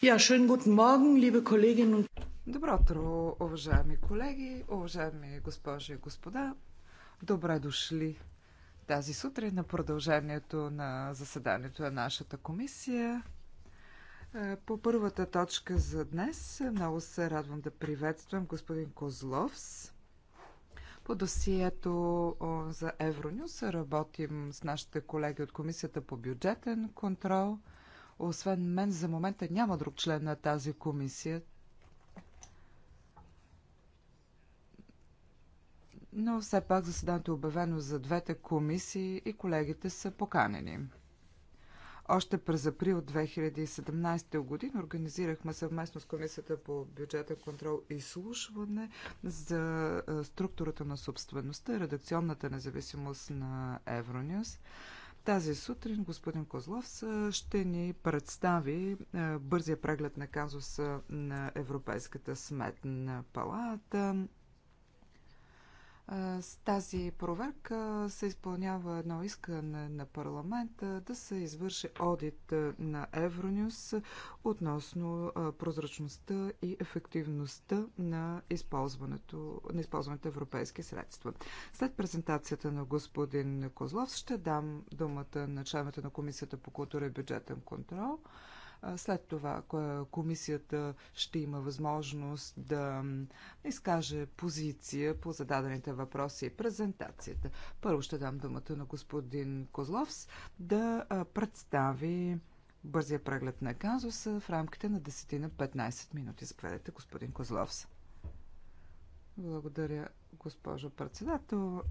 Ja, schönen guten Morgen, liebe Kolleginnen und Добро утро, уважаеми колеги, уважаеми госпожи и господа. Добре дошли тази сутрин на продължението на заседанието на нашата комисия. Е, по първата точка за днес много се радвам да приветствам господин Козловс. По досието за Евронюс работим с нашите колеги от Комисията по бюджетен контрол – освен мен, за момента няма друг член на тази комисия. Но все пак заседанието е обявено за двете комисии и колегите са поканени. Още през април 2017 година организирахме съвместно с Комисията по бюджетен контрол и слушване за структурата на собствеността и редакционната независимост на Евронюс. Тази сутрин господин Козлов ще ни представи е, бързия преглед на казуса на Европейската сметна палата с тази проверка се изпълнява едно искане на парламента да се извърши одит на Евронюс относно прозрачността и ефективността на използването на използването европейски средства. След презентацията на господин Козлов ще дам думата на членовете на Комисията по култура и бюджетен контрол. След това комисията ще има възможност да изкаже позиция по зададените въпроси и презентацията. Първо ще дам думата на господин Козловс да представи бързия преглед на казуса в рамките на 10 на 15 минути. Заповядайте, господин Козловс. Благодаря, госпожо председател.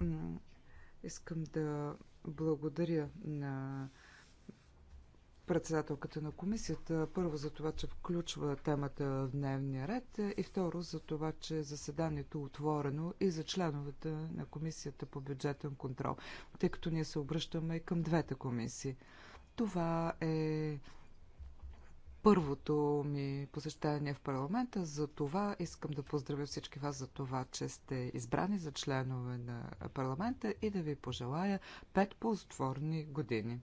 Искам да благодаря на председателката на комисията. Първо за това, че включва темата в дневния ред и второ за това, че заседанието е отворено и за членовете на комисията по бюджетен контрол, тъй като ние се обръщаме и към двете комисии. Това е първото ми посещение в парламента. За това искам да поздравя всички вас за това, че сте избрани за членове на парламента и да ви пожелая пет ползотворни години.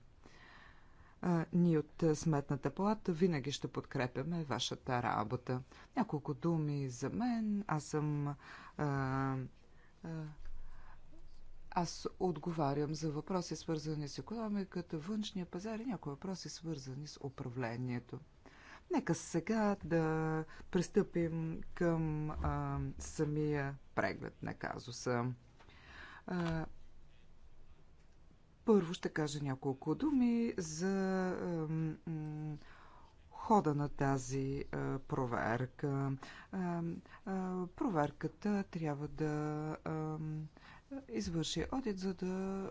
Ние от Сметната палата винаги ще подкрепяме вашата работа. Няколко думи за мен. Аз съм. Аз отговарям за въпроси, свързани с економиката, външния пазар и някои въпроси, свързани с управлението. Нека сега да пристъпим към а, самия преглед на казуса. А, първо ще кажа няколко думи за хода на тази проверка. Проверката трябва да извърши одит, за да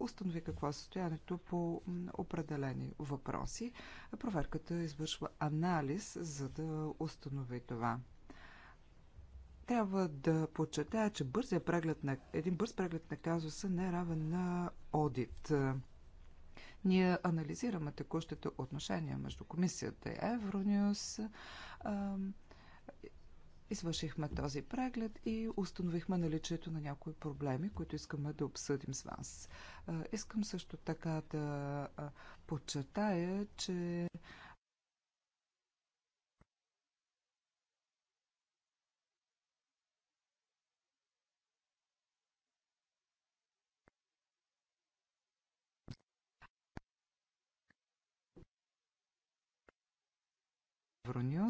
установи какво е състоянието по определени въпроси. Проверката извършва анализ, за да установи това. Трябва да подчертая, че бързия преглед на, един бърз преглед на казуса не е равен на одит. Ние анализираме текущите отношения между комисията и Евронюс. Извършихме този преглед и установихме наличието на някои проблеми, които искаме да обсъдим с вас. Искам също така да подчертая, че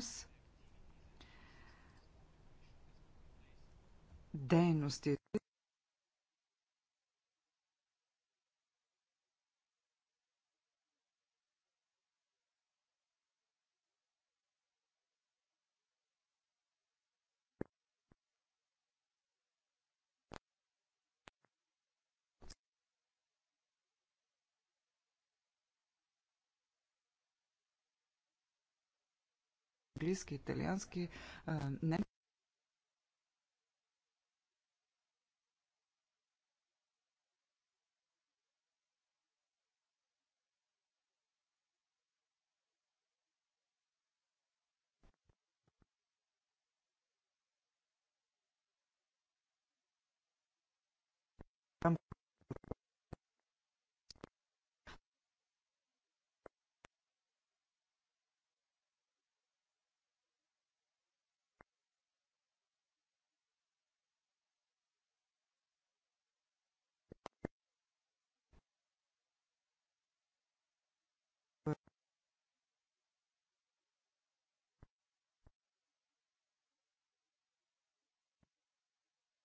принос дейностите английски, италиански, немски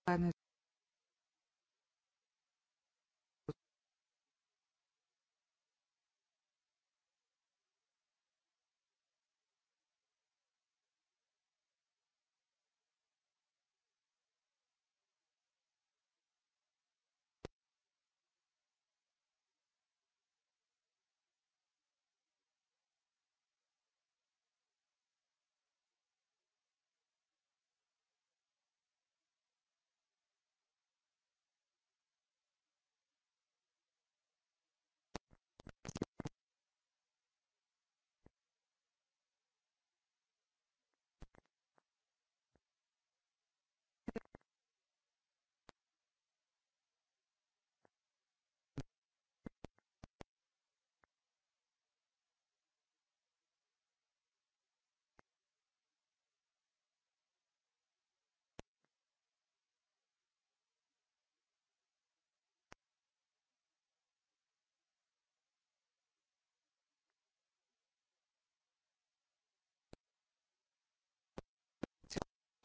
eine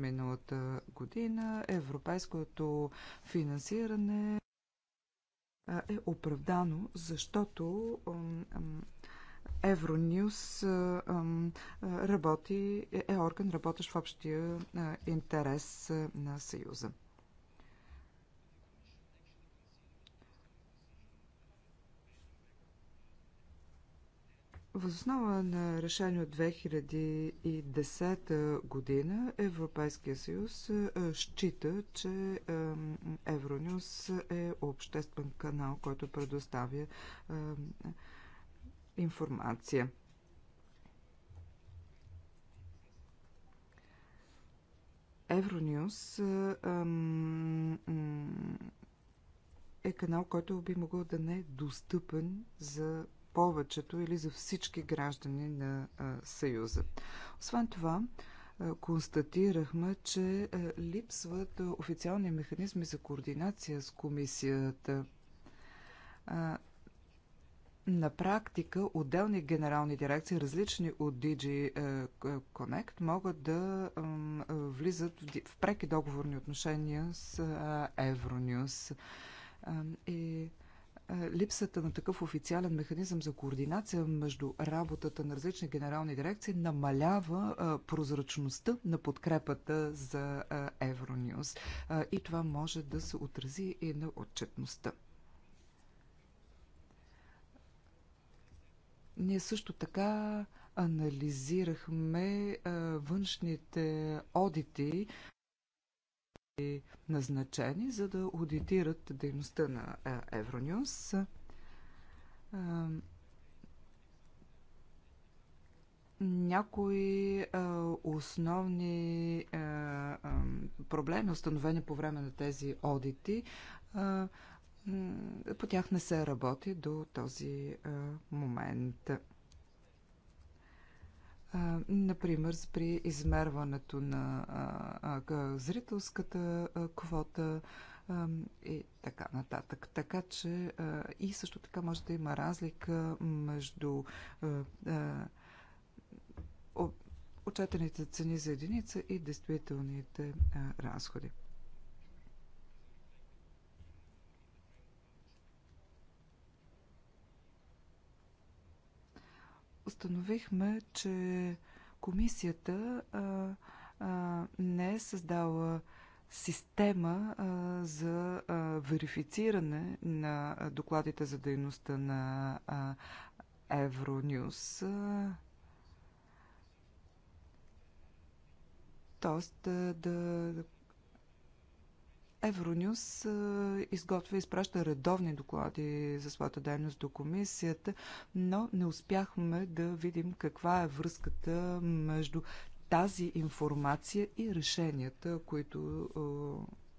миналата година европейското финансиране е оправдано, защото Евронюс работи, е, е орган, работещ в общия интерес на Съюза. Възоснова на решение от 2010 година Европейския съюз е, счита, че е, Евронюс е обществен канал, който предоставя е, информация. Евронюс е канал, който би могъл да не е достъпен за повечето или за всички граждани на Съюза. Освен това, констатирахме, че липсват официални механизми за координация с комисията. На практика отделни генерални дирекции, различни от DG Connect, могат да влизат в преки договорни отношения с Евронюс. И липсата на такъв официален механизъм за координация между работата на различни генерални дирекции намалява прозрачността на подкрепата за Евронюс. И това може да се отрази и на отчетността. Ние също така анализирахме външните одити, назначени, за да аудитират дейността на Евронюс. Някои основни проблеми, установени по време на тези одити, по тях не се работи до този момент например, при измерването на зрителската квота и така нататък. Така че и също така може да има разлика между отчетените цени за единица и действителните разходи. установихме, че комисията а, а, не е създала система а, за а, верифициране на докладите за дейността на Евронюс. Тоест да, да Евронюс изготвя и изпраща редовни доклади за своята дейност до комисията, но не успяхме да видим каква е връзката между тази информация и решенията, които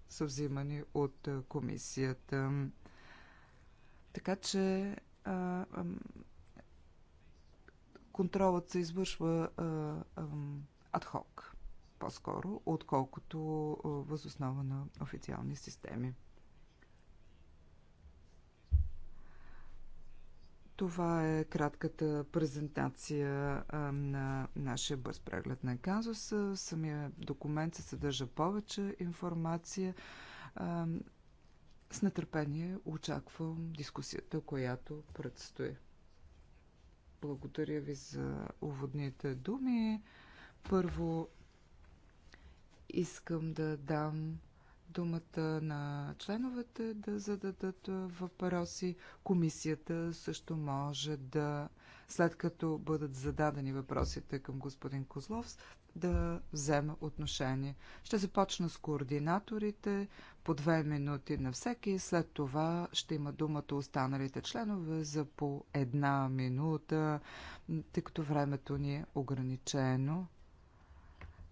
са взимани от комисията. Така че контролът се извършва адхок по-скоро, отколкото възоснова на официални системи. Това е кратката презентация на нашия бърз преглед на казуса. самия документ се съдържа повече информация. С нетърпение очаквам дискусията, която предстои. Благодаря ви за уводните думи. Първо Искам да дам думата на членовете да зададат въпроси. Комисията също може да, след като бъдат зададени въпросите към господин Козлов, да вземе отношение. Ще започна с координаторите по две минути на всеки. След това ще има думата останалите членове за по една минута, тъй като времето ни е ограничено.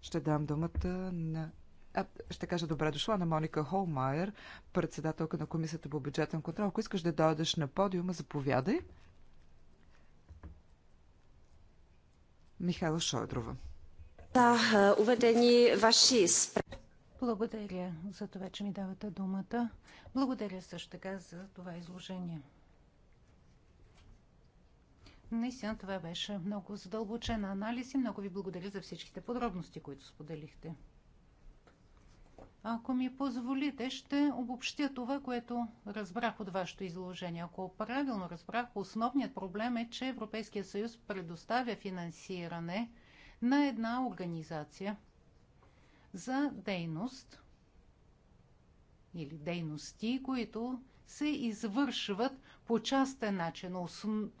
Ще дам думата на а, ще кажа добре дошла на Моника Холмайер, председателка на Комисията по бюджетен контрол. Ако искаш да дойдеш на подиума, заповядай. Михайла Шойдрова. Да, е, уведени ваши Благодаря за това, че ми давате думата. Благодаря също така за това изложение. Наистина това беше много задълбочен анализ и много ви благодаря за всичките подробности, които споделихте. Ако ми позволите, ще обобщя това, което разбрах от вашето изложение. Ако правилно разбрах, основният проблем е, че Европейския съюз предоставя финансиране на една организация за дейност или дейности, които се извършват по частен начин.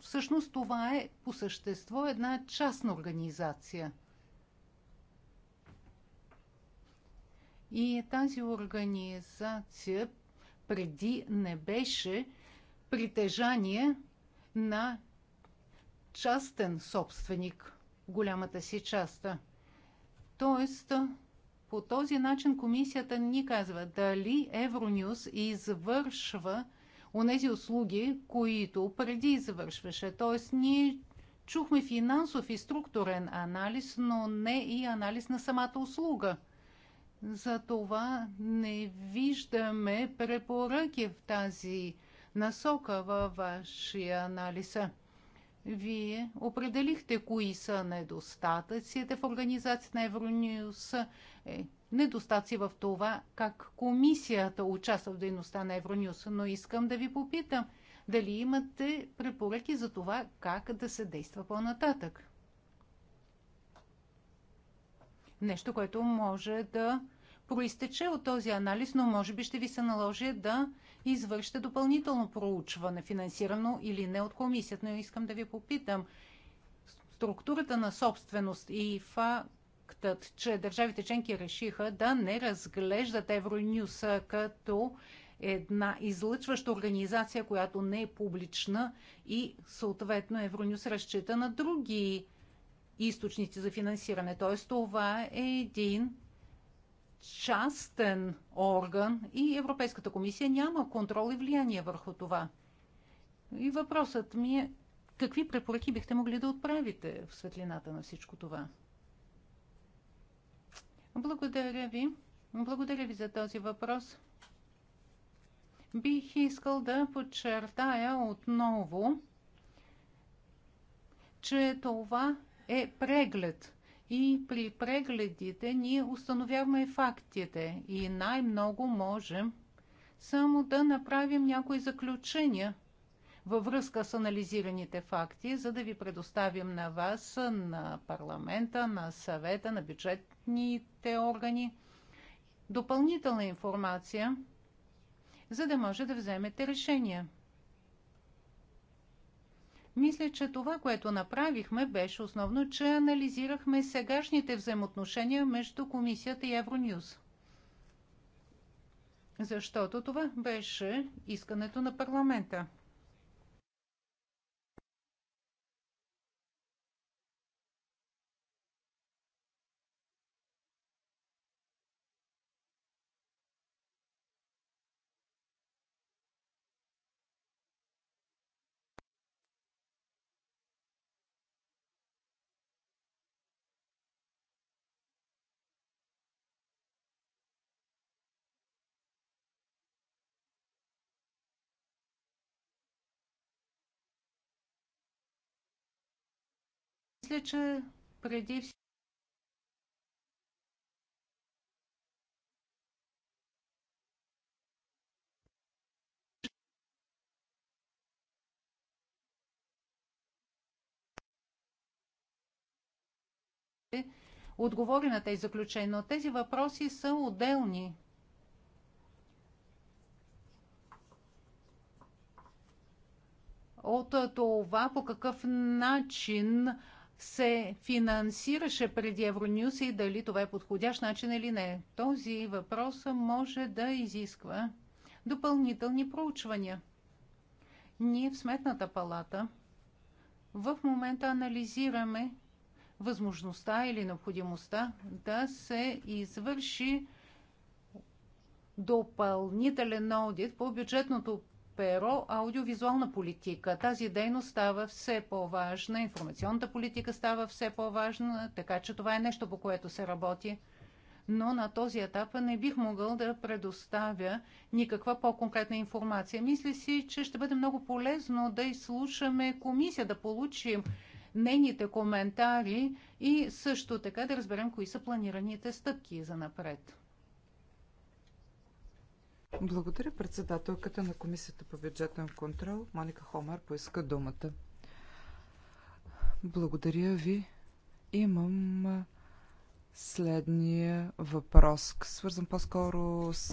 Всъщност това е по същество една частна организация. И е тази организация преди не беше притежание на частен собственик, голямата си част. Тоест, по този начин комисията ни казва дали Евронюс извършва онези услуги, които преди завършваше. Т.е. ние чухме финансов и структурен анализ, но не и анализ на самата услуга. Затова не виждаме препоръки в тази насока във вашия анализ. Вие определихте кои са недостатъците в организацията на Евронюс, е, недостатъци в това как комисията участва в дейността на Евронюс, но искам да ви попитам дали имате препоръки за това как да се действа по-нататък. Нещо, което може да проистече от този анализ, но може би ще ви се наложи да извършите допълнително проучване, финансирано или не от комисията. Но искам да ви попитам, структурата на собственост и ИФА фактът, че държавите членки решиха да не разглеждат Евронюс като една излъчваща организация, която не е публична и съответно Евронюс разчита на други източници за финансиране. Т.е. това е един частен орган и Европейската комисия няма контрол и влияние върху това. И въпросът ми е, какви препоръки бихте могли да отправите в светлината на всичко това? Благодаря ви. Благодаря ви за този въпрос. Бих искал да подчертая отново, че това е преглед. И при прегледите ние установяваме фактите и най-много можем само да направим някои заключения – във връзка с анализираните факти, за да ви предоставим на вас, на парламента, на съвета, на бюджетните органи допълнителна информация, за да може да вземете решение. Мисля, че това, което направихме, беше основно, че анализирахме сегашните взаимоотношения между комисията и Евронюз. Защото това беше искането на парламента. Мисля, че преди всичко отговори на тези заключения, но тези въпроси са отделни. От това по какъв начин се финансираше преди Евронюс и дали това е подходящ начин или не. Този въпрос може да изисква допълнителни проучвания. Ние в Сметната палата в момента анализираме възможността или необходимостта да се извърши допълнителен аудит по бюджетното перо аудиовизуална политика. Тази дейност става все по-важна, информационната политика става все по-важна, така че това е нещо, по което се работи. Но на този етап не бих могъл да предоставя никаква по-конкретна информация. Мисля си, че ще бъде много полезно да изслушаме комисия, да получим нейните коментари и също така да разберем кои са планираните стъпки за напред. Благодаря председателката на Комисията по бюджетен контрол. Моника Хомар поиска думата. Благодаря ви. Имам следния въпрос, свързан по-скоро с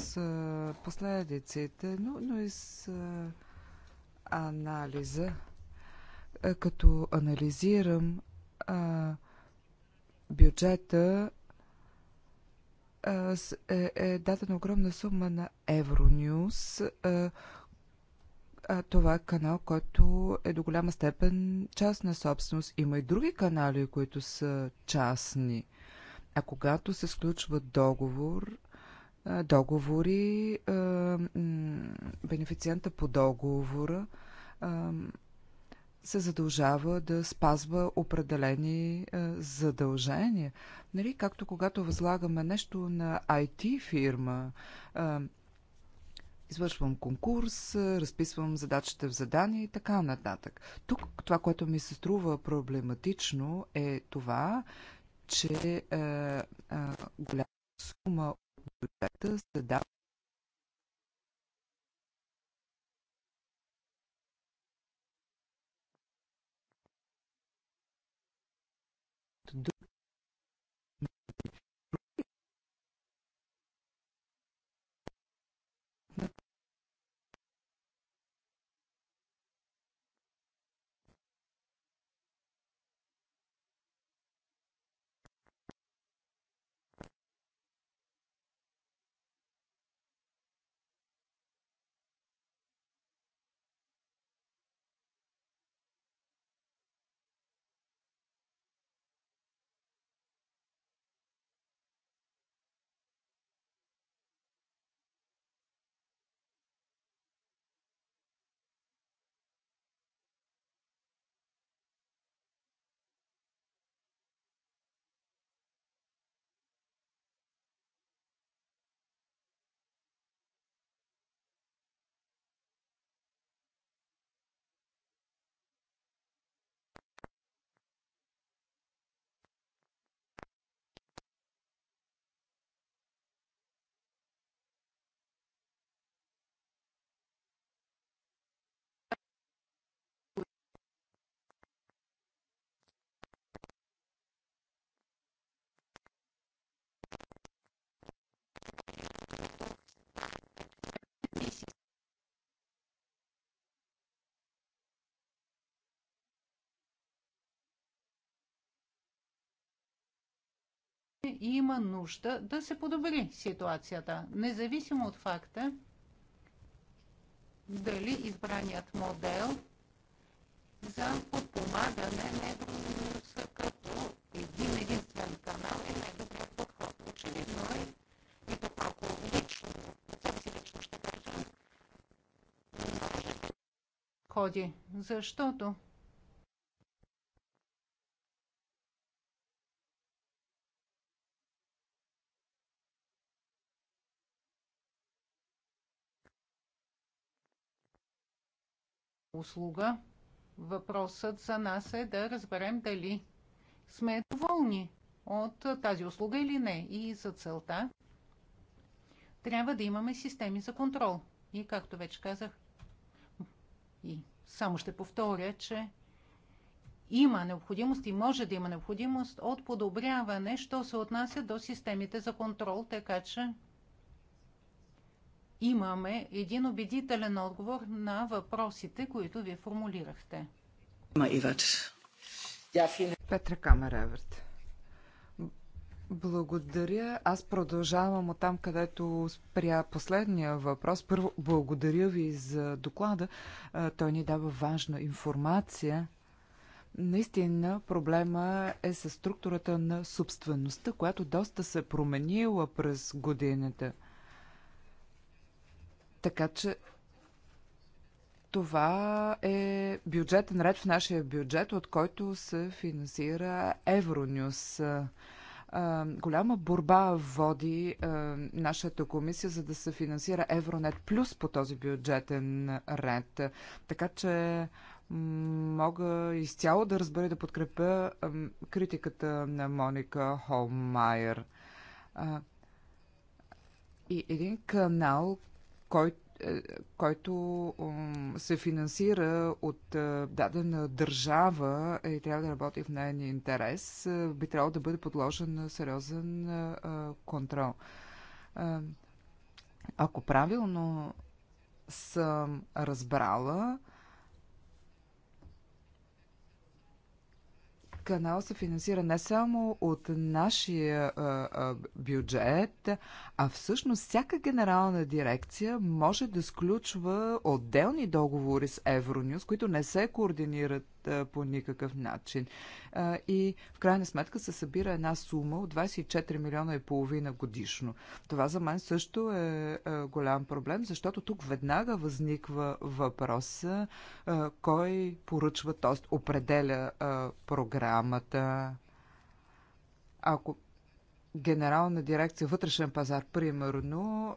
последиците, но, но и с анализа. Като анализирам бюджета, е, е дадена огромна сума на Евронюс. Това е канал, който е до голяма степен частна собственост. Има и други канали, които са частни. А когато се сключва договор, договори, бенефициента по договора се задължава да спазва определени е, задължения. Нали, както когато възлагаме нещо на IT фирма, е, извършвам конкурс, е, разписвам задачите в задание и така нататък. Тук това, което ми се струва проблематично е това, че е, е, голяма сума от бюджета се дава има нужда да се подобри ситуацията, независимо от факта дали избраният модел за подпомагане на Евронюса като един единствен канал е най-добрият подход. Очевидно е, и то ако лично, себе си лично ще кажа, ходи, защото услуга. Въпросът за нас е да разберем дали сме доволни от тази услуга или не. И за целта трябва да имаме системи за контрол. И както вече казах, и само ще повторя, че има необходимост и може да има необходимост от подобряване, що се отнася до системите за контрол, така че имаме един убедителен отговор на въпросите, които вие формулирахте. Петра Камереверт. Благодаря. Аз продължавам от там, където спря последния въпрос. Първо, благодаря ви за доклада. Той ни дава важна информация. Наистина проблема е с структурата на собствеността, която доста се променила през годината – така че това е бюджетен ред в нашия бюджет, от който се финансира Евронюс. Голяма борба води нашата комисия, за да се финансира Евронет плюс по този бюджетен ред. Така че мога изцяло да разбера и да подкрепя критиката на Моника Холмайер. И един канал, кой, е, който се финансира от е, дадена държава е, и трябва да работи в нейния интерес, би трябвало да бъде подложен на сериозен контрол. Ако правилно съм разбрала, канал се финансира не само от нашия а, а, бюджет, а всъщност всяка генерална дирекция може да сключва отделни договори с Евронюс, които не се координират по никакъв начин. И в крайна сметка се събира една сума от 24 милиона и половина годишно. Това за мен също е голям проблем, защото тук веднага възниква въпроса кой поръчва, т.е. определя програмата. Ако Генерална дирекция вътрешен пазар, примерно,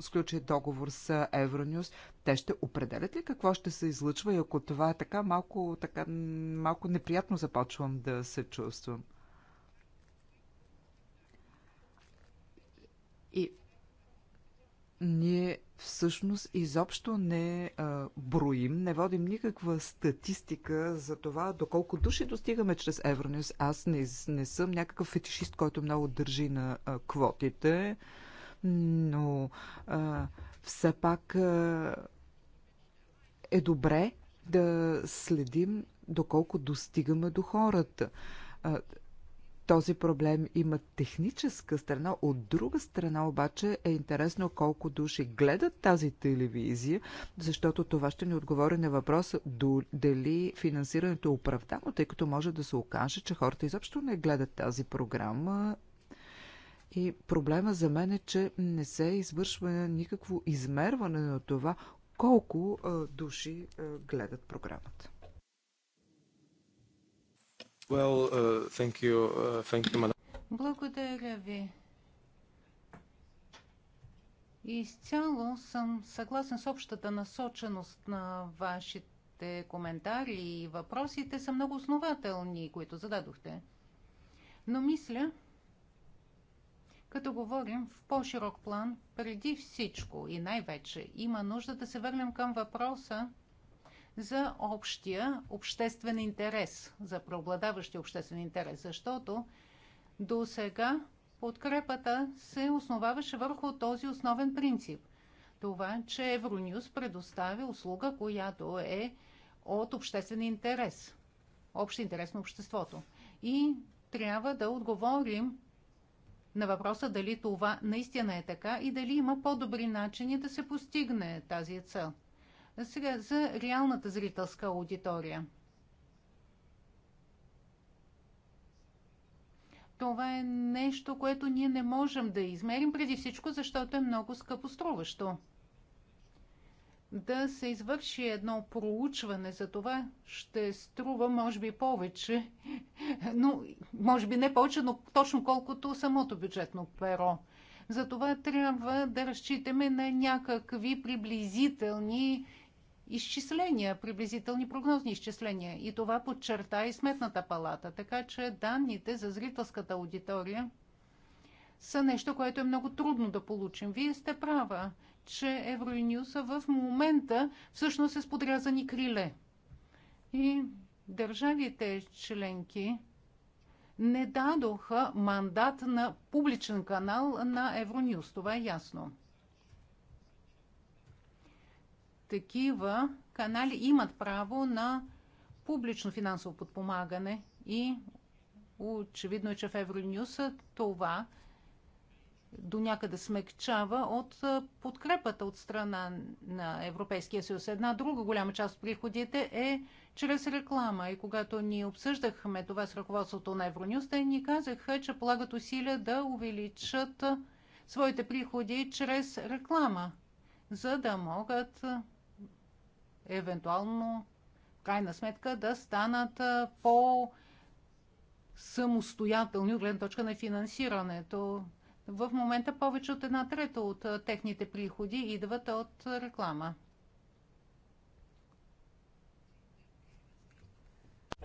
сключи договор с Евронюс, те ще определят ли какво ще се излъчва и ако това е така, малко, така, малко неприятно започвам да се чувствам. ние всъщност изобщо не а, броим, не водим никаква статистика за това доколко души достигаме чрез Евронюс. Аз не, не съм някакъв фетишист, който много държи на а, квотите, но а, все пак а, е добре да следим доколко достигаме до хората. А, този проблем има техническа страна. От друга страна обаче е интересно колко души гледат тази телевизия, защото това ще ни отговори на въпроса дали финансирането е оправдано, тъй като може да се окаже, че хората изобщо не гледат тази програма и проблема за мен е, че не се извършва никакво измерване на това колко души гледат програмата. Uh, uh, Благодаря ви. Изцяло съм съгласен с общата насоченост на вашите коментари и въпросите са много основателни, които зададохте. Но мисля, като говорим в по-широк план, преди всичко и най-вече има нужда да се върнем към въпроса за общия обществен интерес, за преобладаващия обществен интерес, защото до сега подкрепата се основаваше върху този основен принцип. Това, че Евронюс предоставя услуга, която е от обществен интерес, общ интерес на обществото. И трябва да отговорим на въпроса дали това наистина е така и дали има по-добри начини да се постигне тази цел. Сега за реалната зрителска аудитория. Това е нещо, което ние не можем да измерим преди всичко, защото е много скъпоструващо. Да се извърши едно проучване за това ще струва, може би, повече, но може би не повече, но точно колкото самото бюджетно перо. Затова трябва да разчитаме на някакви приблизителни изчисления, приблизителни прогнозни изчисления. И това подчерта и Сметната палата. Така че данните за зрителската аудитория са нещо, което е много трудно да получим. Вие сте права, че Евроюниуса в момента всъщност е с подрязани криле. И държавите членки не дадоха мандат на публичен канал на Евронюс. Това е ясно. такива канали имат право на публично финансово подпомагане и очевидно е, че в Евронюс това до някъде смекчава от подкрепата от страна на Европейския съюз. Една друга голяма част от приходите е чрез реклама. И когато ни обсъждахме това с ръководството на Евронюс, те ни казаха, че полагат усилия да увеличат своите приходи чрез реклама, за да могат евентуално, в крайна сметка, да станат по- самостоятелни от гледна точка на финансирането. В момента повече от една трета от техните приходи идват от реклама.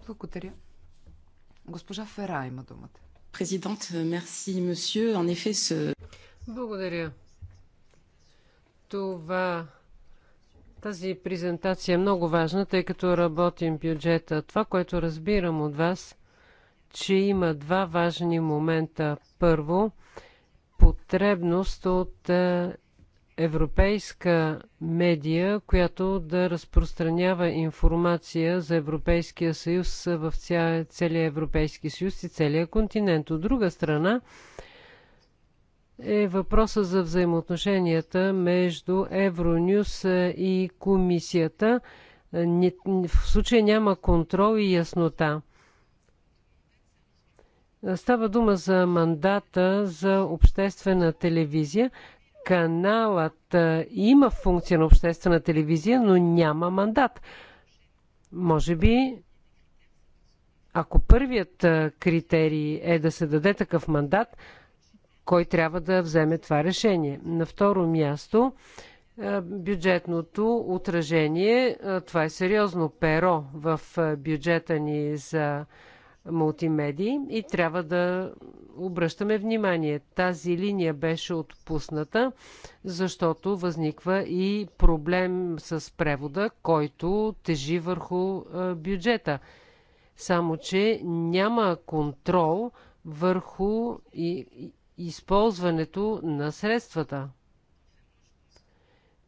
Благодаря. Госпожа Фера има думата. Президент, мерси, э, месье. Благодаря. Това тази презентация е много важна, тъй като работим бюджета. Това, което разбирам от вас, че има два важни момента. Първо, потребност от е, европейска медия, която да разпространява информация за Европейския съюз в целия Европейски съюз и целия континент. От друга страна, е въпроса за взаимоотношенията между Евронюс е, и комисията. Е, в случай няма контрол и яснота. Става дума за мандата за обществена телевизия. Каналът е, има функция на обществена телевизия, но няма мандат. Може би, ако първият критерий е да се даде такъв мандат, кой трябва да вземе това решение. На второ място, е, бюджетното отражение. Е, това е сериозно перо в е, бюджета ни за мултимедии и трябва да обръщаме внимание. Тази линия беше отпусната, защото възниква и проблем с превода, който тежи върху бюджета. Само, че няма контрол върху и, използването на средствата.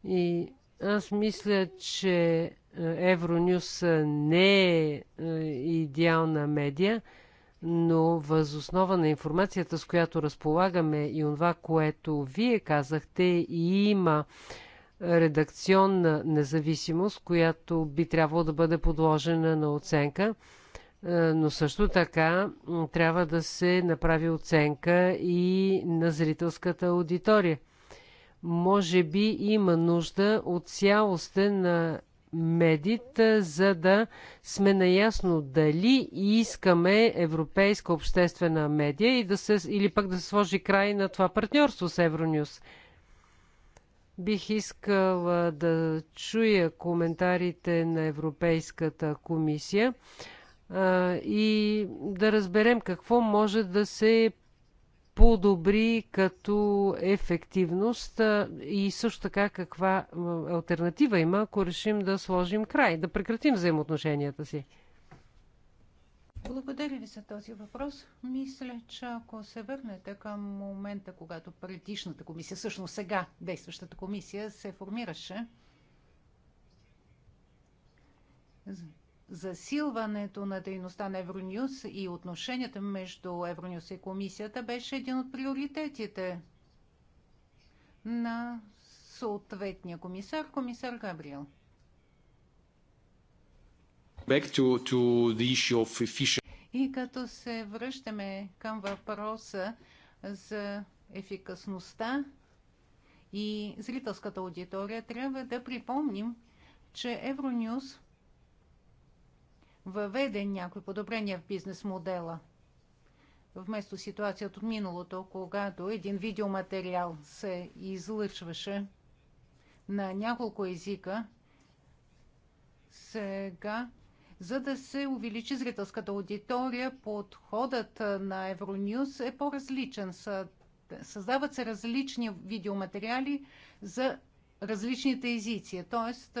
И аз мисля, че е, Евронюс е, не е, е идеална медия, но възоснова на информацията, с която разполагаме и това, което вие казахте, и има редакционна независимост, която би трябвало да бъде подложена на оценка. Е, но също така трябва да се направи оценка и на зрителската аудитория. Може би има нужда от цялостен на медит, за да сме наясно дали искаме европейска обществена медия и да се, или пък да се сложи край на това партньорство с Евронюс. Бих искала да чуя коментарите на Европейската комисия и да разберем какво може да се подобри като ефективност и също така каква альтернатива има, ако решим да сложим край, да прекратим взаимоотношенията си. Благодаря ви за този въпрос. Мисля, че ако се върнете към момента, когато предишната комисия, всъщност сега действащата комисия се формираше, засилването на дейността на Евронюс и отношенията между Евронюс и комисията беше един от приоритетите на съответния комисар, комисар Габриел. To, to и като се връщаме към въпроса за ефикасността и зрителската аудитория, трябва да припомним, че Евронюс въведе някои подобрения в бизнес модела. Вместо ситуацията от миналото, когато един видеоматериал се излъчваше на няколко езика, сега, за да се увеличи зрителската аудитория, подходът на Евронюс е по-различен. Създават се различни видеоматериали за различните езици. Тоест,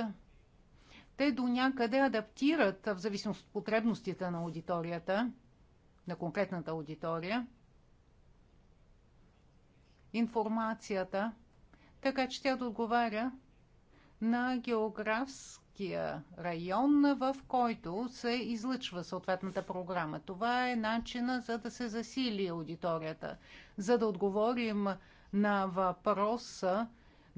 те до някъде адаптират в зависимост от потребностите на аудиторията, на конкретната аудитория, информацията, така че тя да отговаря на географския район, в който се излъчва съответната програма. Това е начина за да се засили аудиторията, за да отговорим на въпроса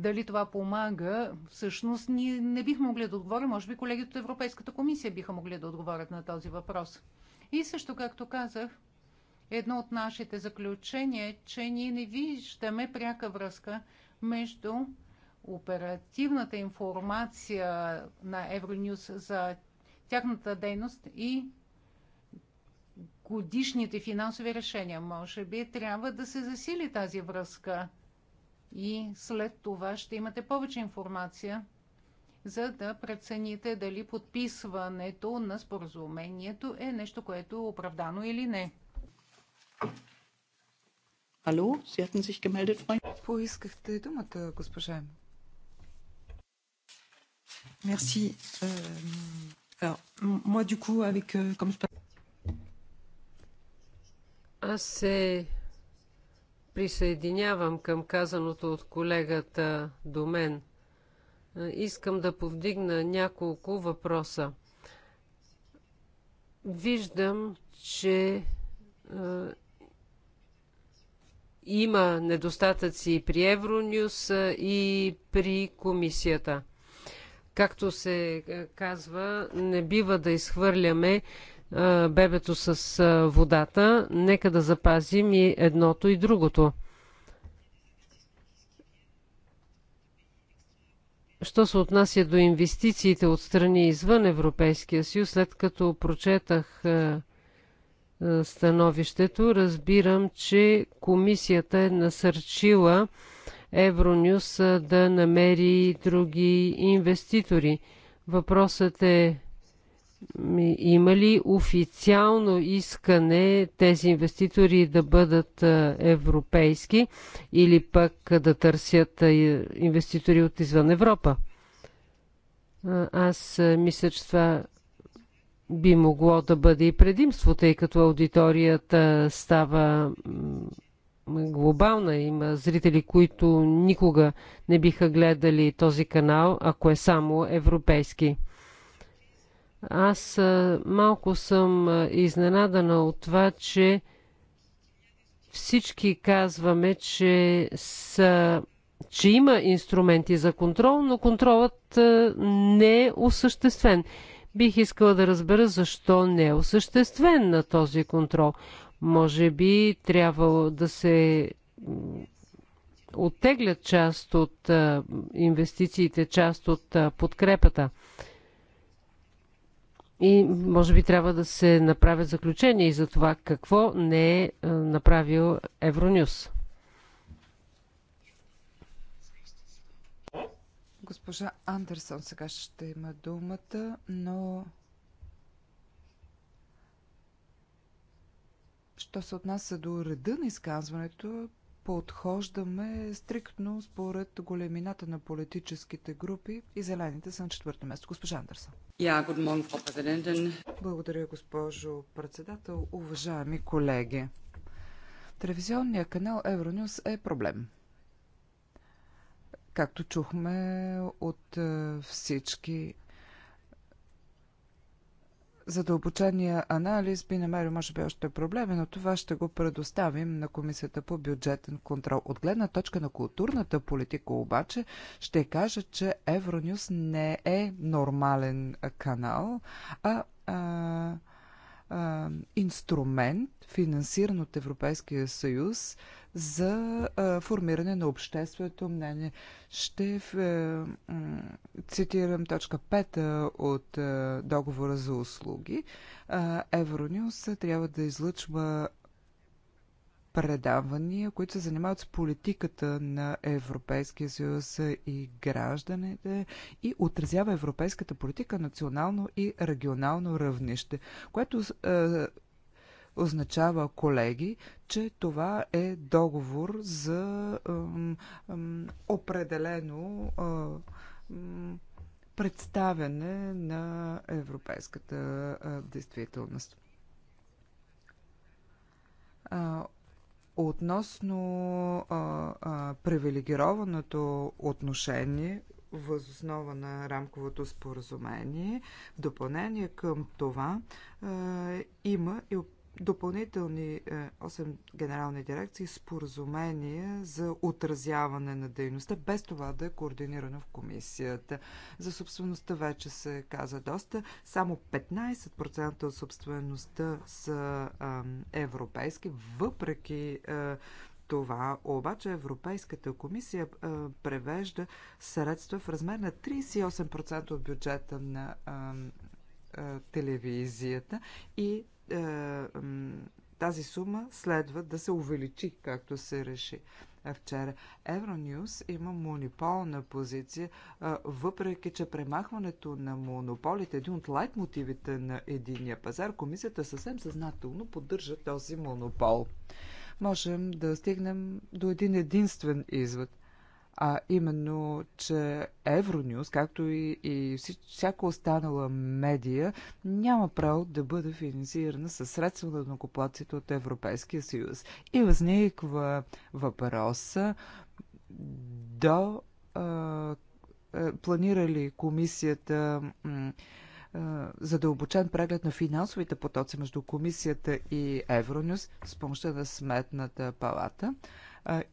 дали това помага? Всъщност ние не бих могли да отговорим. Може би колегите от Европейската комисия биха могли да отговорят на този въпрос. И също, както казах, едно от нашите заключения е, че ние не виждаме пряка връзка между оперативната информация на Евронюс за тяхната дейност и годишните финансови решения. Може би трябва да се засили тази връзка и след това ще имате повече информация, за да прецените дали подписването на споразумението е нещо, което е оправдано или не. Алло, Sie hatten sich gemeldet, Freund. Поискахте думата, госпожа. Мерси. Euh, moi, du coup, avec, euh, comme Аз се присъединявам към казаното от колегата до мен. Искам да повдигна няколко въпроса. Виждам, че има недостатъци при Евронюс и при комисията. Както се казва, не бива да изхвърляме бебето с водата, нека да запазим и едното и другото. Що се отнася до инвестициите от страни извън Европейския съюз, след като прочетах становището, разбирам, че комисията е насърчила Евронюс да намери други инвеститори. Въпросът е има ли официално искане тези инвеститори да бъдат европейски или пък да търсят инвеститори от извън Европа? Аз мисля, че това би могло да бъде и предимство, тъй като аудиторията става глобална. Има зрители, които никога не биха гледали този канал, ако е само европейски. Аз малко съм изненадана от това, че всички казваме, че, са, че има инструменти за контрол, но контролът не е осъществен. Бих искала да разбера защо не е осъществен на този контрол. Може би трябва да се оттеглят част от инвестициите, част от подкрепата. И може би трябва да се направят заключения и за това какво не е, е направил Евронюс. Госпожа Андерсон сега ще има думата, но Що се отнася до реда на изказването, подхождаме стриктно според големината на политическите групи и зелените са на четвърто място. Госпожа Андерсон. Yeah, Благодаря, госпожо председател. Уважаеми колеги, телевизионният канал Евронюс е проблем. Както чухме от е, всички задълбочения анализ би намерил, може би, още проблеми, но това ще го предоставим на Комисията по бюджетен контрол. От гледна точка на културната политика обаче ще кажа, че Евронюс не е нормален канал, а, а а, инструмент, финансиран от Европейския съюз, за а, формиране на общественото мнение. Ще в, е, а, цитирам точка 5 от а, е, договора за услуги. Евронюс трябва да излъчва предавания, които се занимават с политиката на Европейския съюз и гражданите и отразява европейската политика национално и регионално равнище, което е, означава, колеги, че това е договор за е, е, определено е, представяне на европейската е, действителност Относно а, а, привилегированото отношение възоснова на рамковото споразумение, в допълнение към това а, има и допълнителни 8 е, генерални дирекции споразумения за отразяване на дейността, без това да е координирано в комисията. За собствеността вече се каза доста. Само 15% от собствеността са европейски, въпреки е, това обаче Европейската комисия а, е, превежда средства в размер на 38% от бюджета на а, а, телевизията и е, тази сума следва да се увеличи, както се реши вчера. Евронюс има монополна позиция, е, въпреки че премахването на монополите е един от лайт мотивите на единия пазар. Комисията съвсем съзнателно поддържа този монопол. Можем да стигнем до един единствен извод – а именно, че Евронюс, както и, и всяка останала медия, няма право да бъде финансирана със средства на накоплаците от Европейския съюз. И възниква въпроса до а, планира ли комисията задълбочен преглед на финансовите потоци между комисията и Евронюс с помощта на Сметната палата?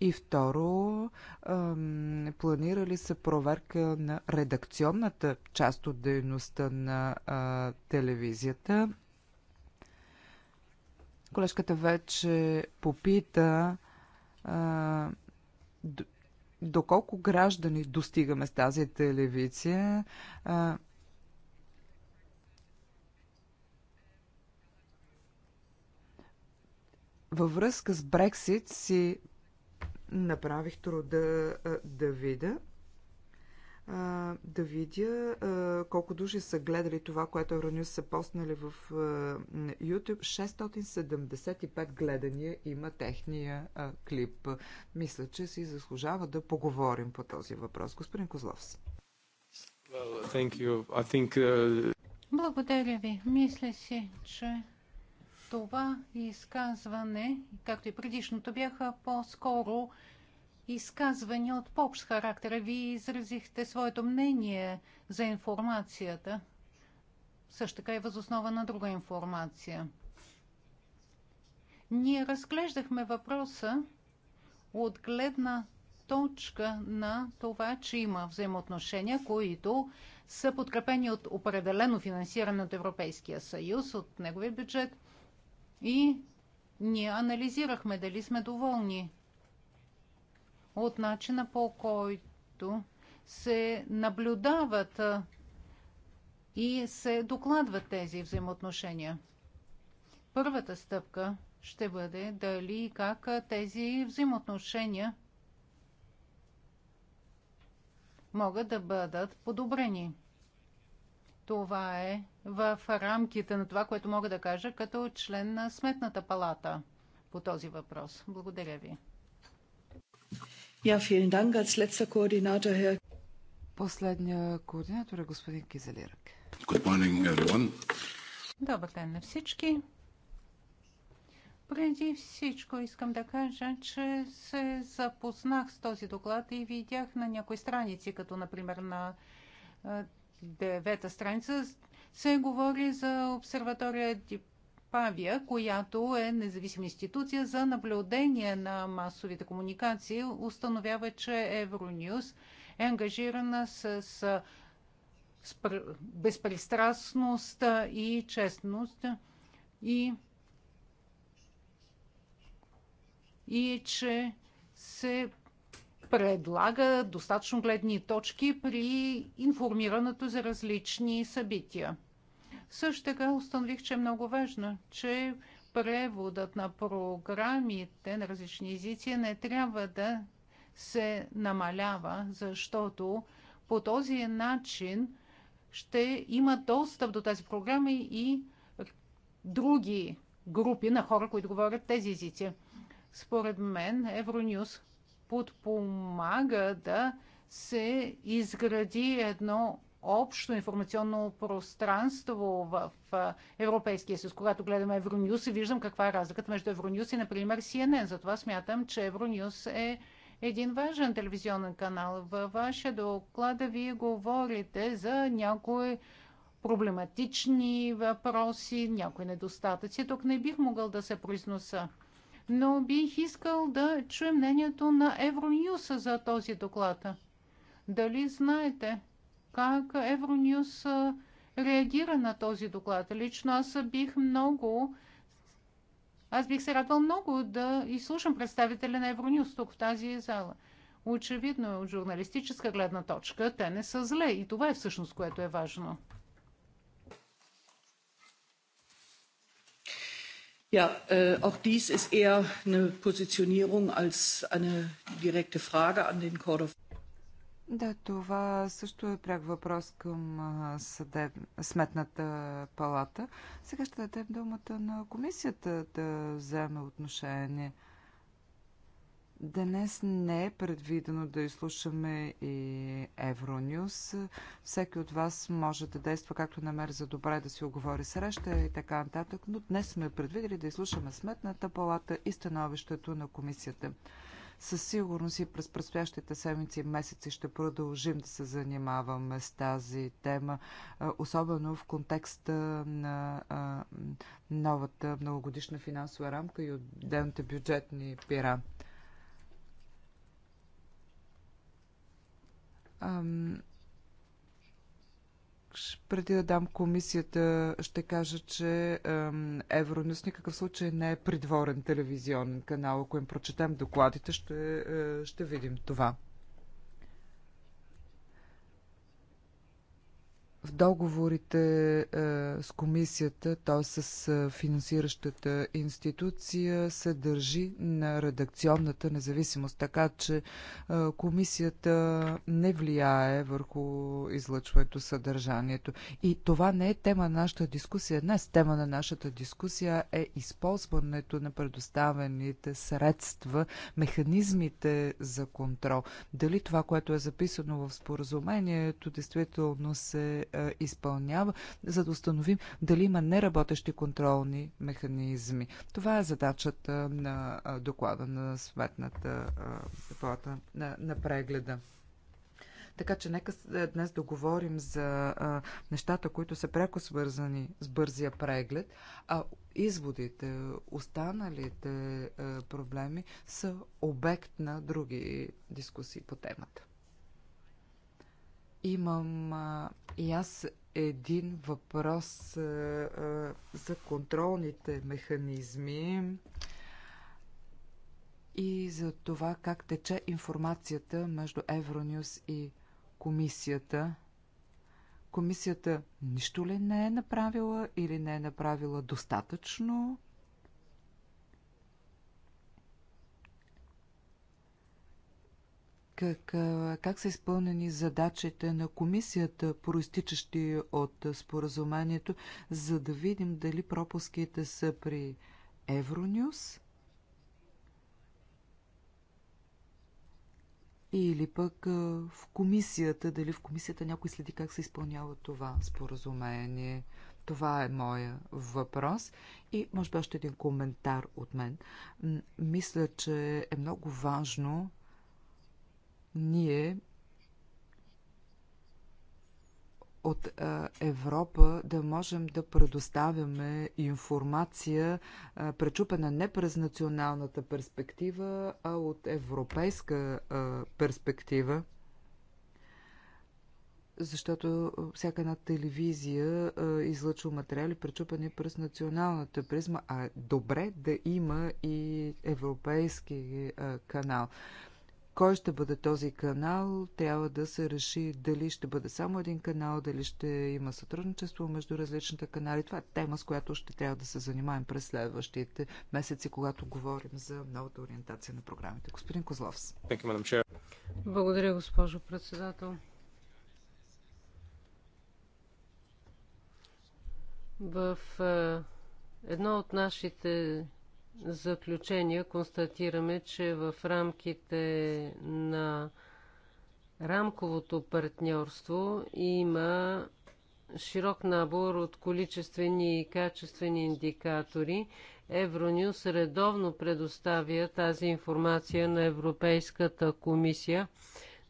И второ, планира ли се проверка на редакционната част от дейността на телевизията? Колежката вече попита доколко граждани достигаме с тази телевизия. Във връзка с Брексит си направих труда да видя да видя колко души са гледали това, което Euronews са постнали в YouTube. 675 гледания има техния клип. Мисля, че си заслужава да поговорим по този въпрос. Господин Козловс. Well, think... Uh, Благодаря ви. Мисля си, че това изказване, както и предишното, бяха по-скоро изказвания от по-общ характер. Вие изразихте своето мнение за информацията, също така и възоснова на друга информация. Ние разглеждахме въпроса от гледна точка на това, че има взаимоотношения, които са подкрепени от определено финансиране от Европейския съюз, от неговия бюджет – и ние анализирахме дали сме доволни от начина по който се наблюдават и се докладват тези взаимоотношения. Първата стъпка ще бъде дали и как тези взаимоотношения могат да бъдат подобрени. Това е в рамките на това, което мога да кажа като член на Сметната палата по този въпрос. Благодаря ви. Последния координатор е господин Кизелирък. Good morning, everyone. Добър ден на всички. Преди всичко искам да кажа, че се запознах с този доклад и видях на някои страници, като например на девета страница се говори за обсерватория Дипавия, която е независима институция за наблюдение на масовите комуникации. Установява, че Евронюс е ангажирана с, с безпристрастност и честност и, и че се предлага достатъчно гледни точки при информирането за различни събития. Също така установих, че е много важно, че преводът на програмите на различни езици не трябва да се намалява, защото по този начин ще има достъп до тази програма и други групи на хора, които говорят тези езици. Според мен Евронюс подпомага да се изгради едно общо информационно пространство в Европейския съюз. Когато гледаме Евронюс и виждам каква е разликата между Евронюс и, например, CNN. Затова смятам, че Евронюс е един важен телевизионен канал. Във вашия доклад вие говорите за някои проблематични въпроси, някои недостатъци. Тук не бих могъл да се произноса но бих искал да чуя мнението на Евроньюс за този доклад. Дали знаете как Евронюс реагира на този доклад? Лично аз бих много аз бих се радвал много да изслушам представителя на Евронюс тук в тази зала. Очевидно, от журналистическа гледна точка, те не са зле и това е всъщност което е важно. Ja, äh, auch dies ist eher eine Positionierung als eine direkte Frage an den Court of да, това също е пряк въпрос към съдеб... сметната палата. Сега ще дадем думата на комисията да вземе отношение. Днес не е предвидено да изслушаме и Евронюс. Всеки от вас може да действа както намери за добре да си оговори среща и така нататък, но днес сме предвидели да изслушаме Сметната палата и становището на комисията. Със сигурност и през предстоящите седмици и месеци ще продължим да се занимаваме с тази тема, особено в контекста на новата многогодишна финансова рамка и отделните бюджетни пера. Ам... Преди да дам комисията, ще кажа, че ам, Евронюс никакъв случай не е придворен телевизионен канал. Ако им прочетем докладите, ще, е, ще видим това. в договорите е, с комисията, т.е. с е, финансиращата институция, се държи на редакционната независимост, така че е, комисията не влияе върху излъчването съдържанието. И това не е тема на нашата дискусия днес. Тема на нашата дискусия е използването на предоставените средства, механизмите за контрол. Дали това, което е записано в споразумението, действително се е, изпълнява, за да установим дали има неработещи контролни механизми. Това е задачата е, на е, доклада на Сметната палата на, на прегледа. Така че нека днес да говорим за а, нещата, които са пряко свързани с бързия преглед, а изводите, останалите а, проблеми са обект на други дискусии по темата. Имам а, и аз един въпрос а, а, за контролните механизми и за това как тече информацията между Евронюс и комисията. Комисията нищо ли не е направила или не е направила достатъчно? как, как са изпълнени задачите на комисията, проистичащи от споразумението, за да видим дали пропуските са при Евронюс или пък в комисията, дали в комисията някой следи как се изпълнява това споразумение. Това е моя въпрос и може би още един коментар от мен. Мисля, че е много важно ние от Европа да можем да предоставяме информация, пречупена не през националната перспектива, а от европейска перспектива. Защото всяка една телевизия излъчва материали, пречупени през националната призма, а е добре да има и европейски канал кой ще бъде този канал, трябва да се реши дали ще бъде само един канал, дали ще има сътрудничество между различните канали. Това е тема, с която ще трябва да се занимаем през следващите месеци, когато говорим за новата ориентация на програмите. Господин Козловс. Благодаря, госпожо председател. В е, едно от нашите заключение констатираме, че в рамките на рамковото партньорство има широк набор от количествени и качествени индикатори. Евронюс редовно предоставя тази информация на Европейската комисия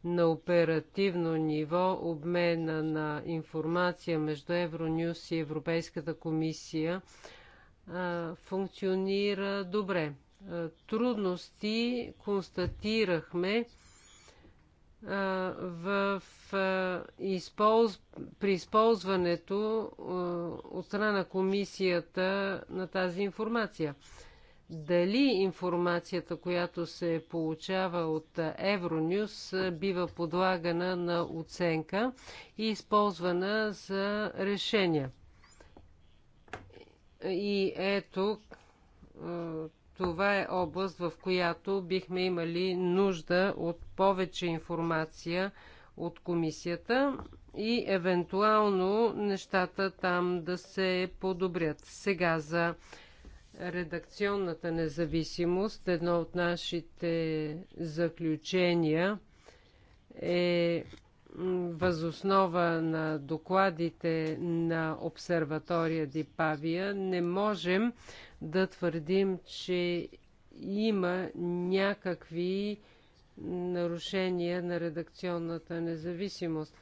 на оперативно ниво. Обмена на информация между Евронюс и Европейската комисия – функционира добре. Трудности констатирахме в, използ... при използването от страна на комисията на тази информация. Дали информацията, която се получава от Евронюс, бива подлагана на оценка и използвана за решения? И ето, е, това е област, в която бихме имали нужда от повече информация от комисията и евентуално нещата там да се подобрят. Сега за редакционната независимост, едно от нашите заключения е възоснова на докладите на обсерватория Дипавия, не можем да твърдим, че има някакви нарушения на редакционната независимост.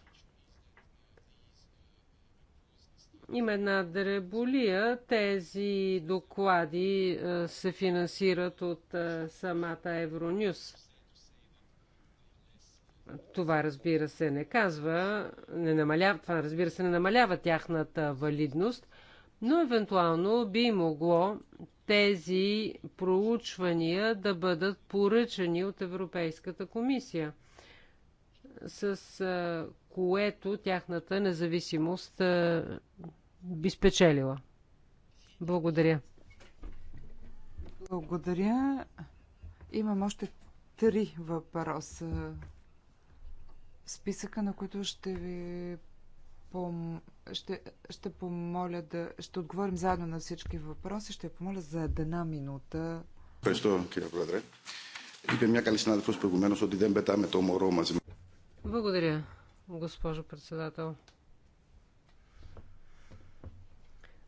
Има една дреболия. Тези доклади е, се финансират от е, самата Евронюс. Това разбира се не казва, не намалява, това разбира се не намалява тяхната валидност, но евентуално би могло тези проучвания да бъдат поръчани от Европейската комисия, с което тяхната независимост би спечелила. Благодаря. Благодаря. Имам още три въпроса списъка, на които ще ви пом... ще, ще помоля да... Ще отговорим заедно на всички въпроси. Ще помоля за една минута. Ευχαριστώ, κύριε Πρόεδρε. Είπε μια καλή συνάδελφος προηγουμένως ότι δεν πετάμε το μωρό μαζί. Благодаря, госпожо председател.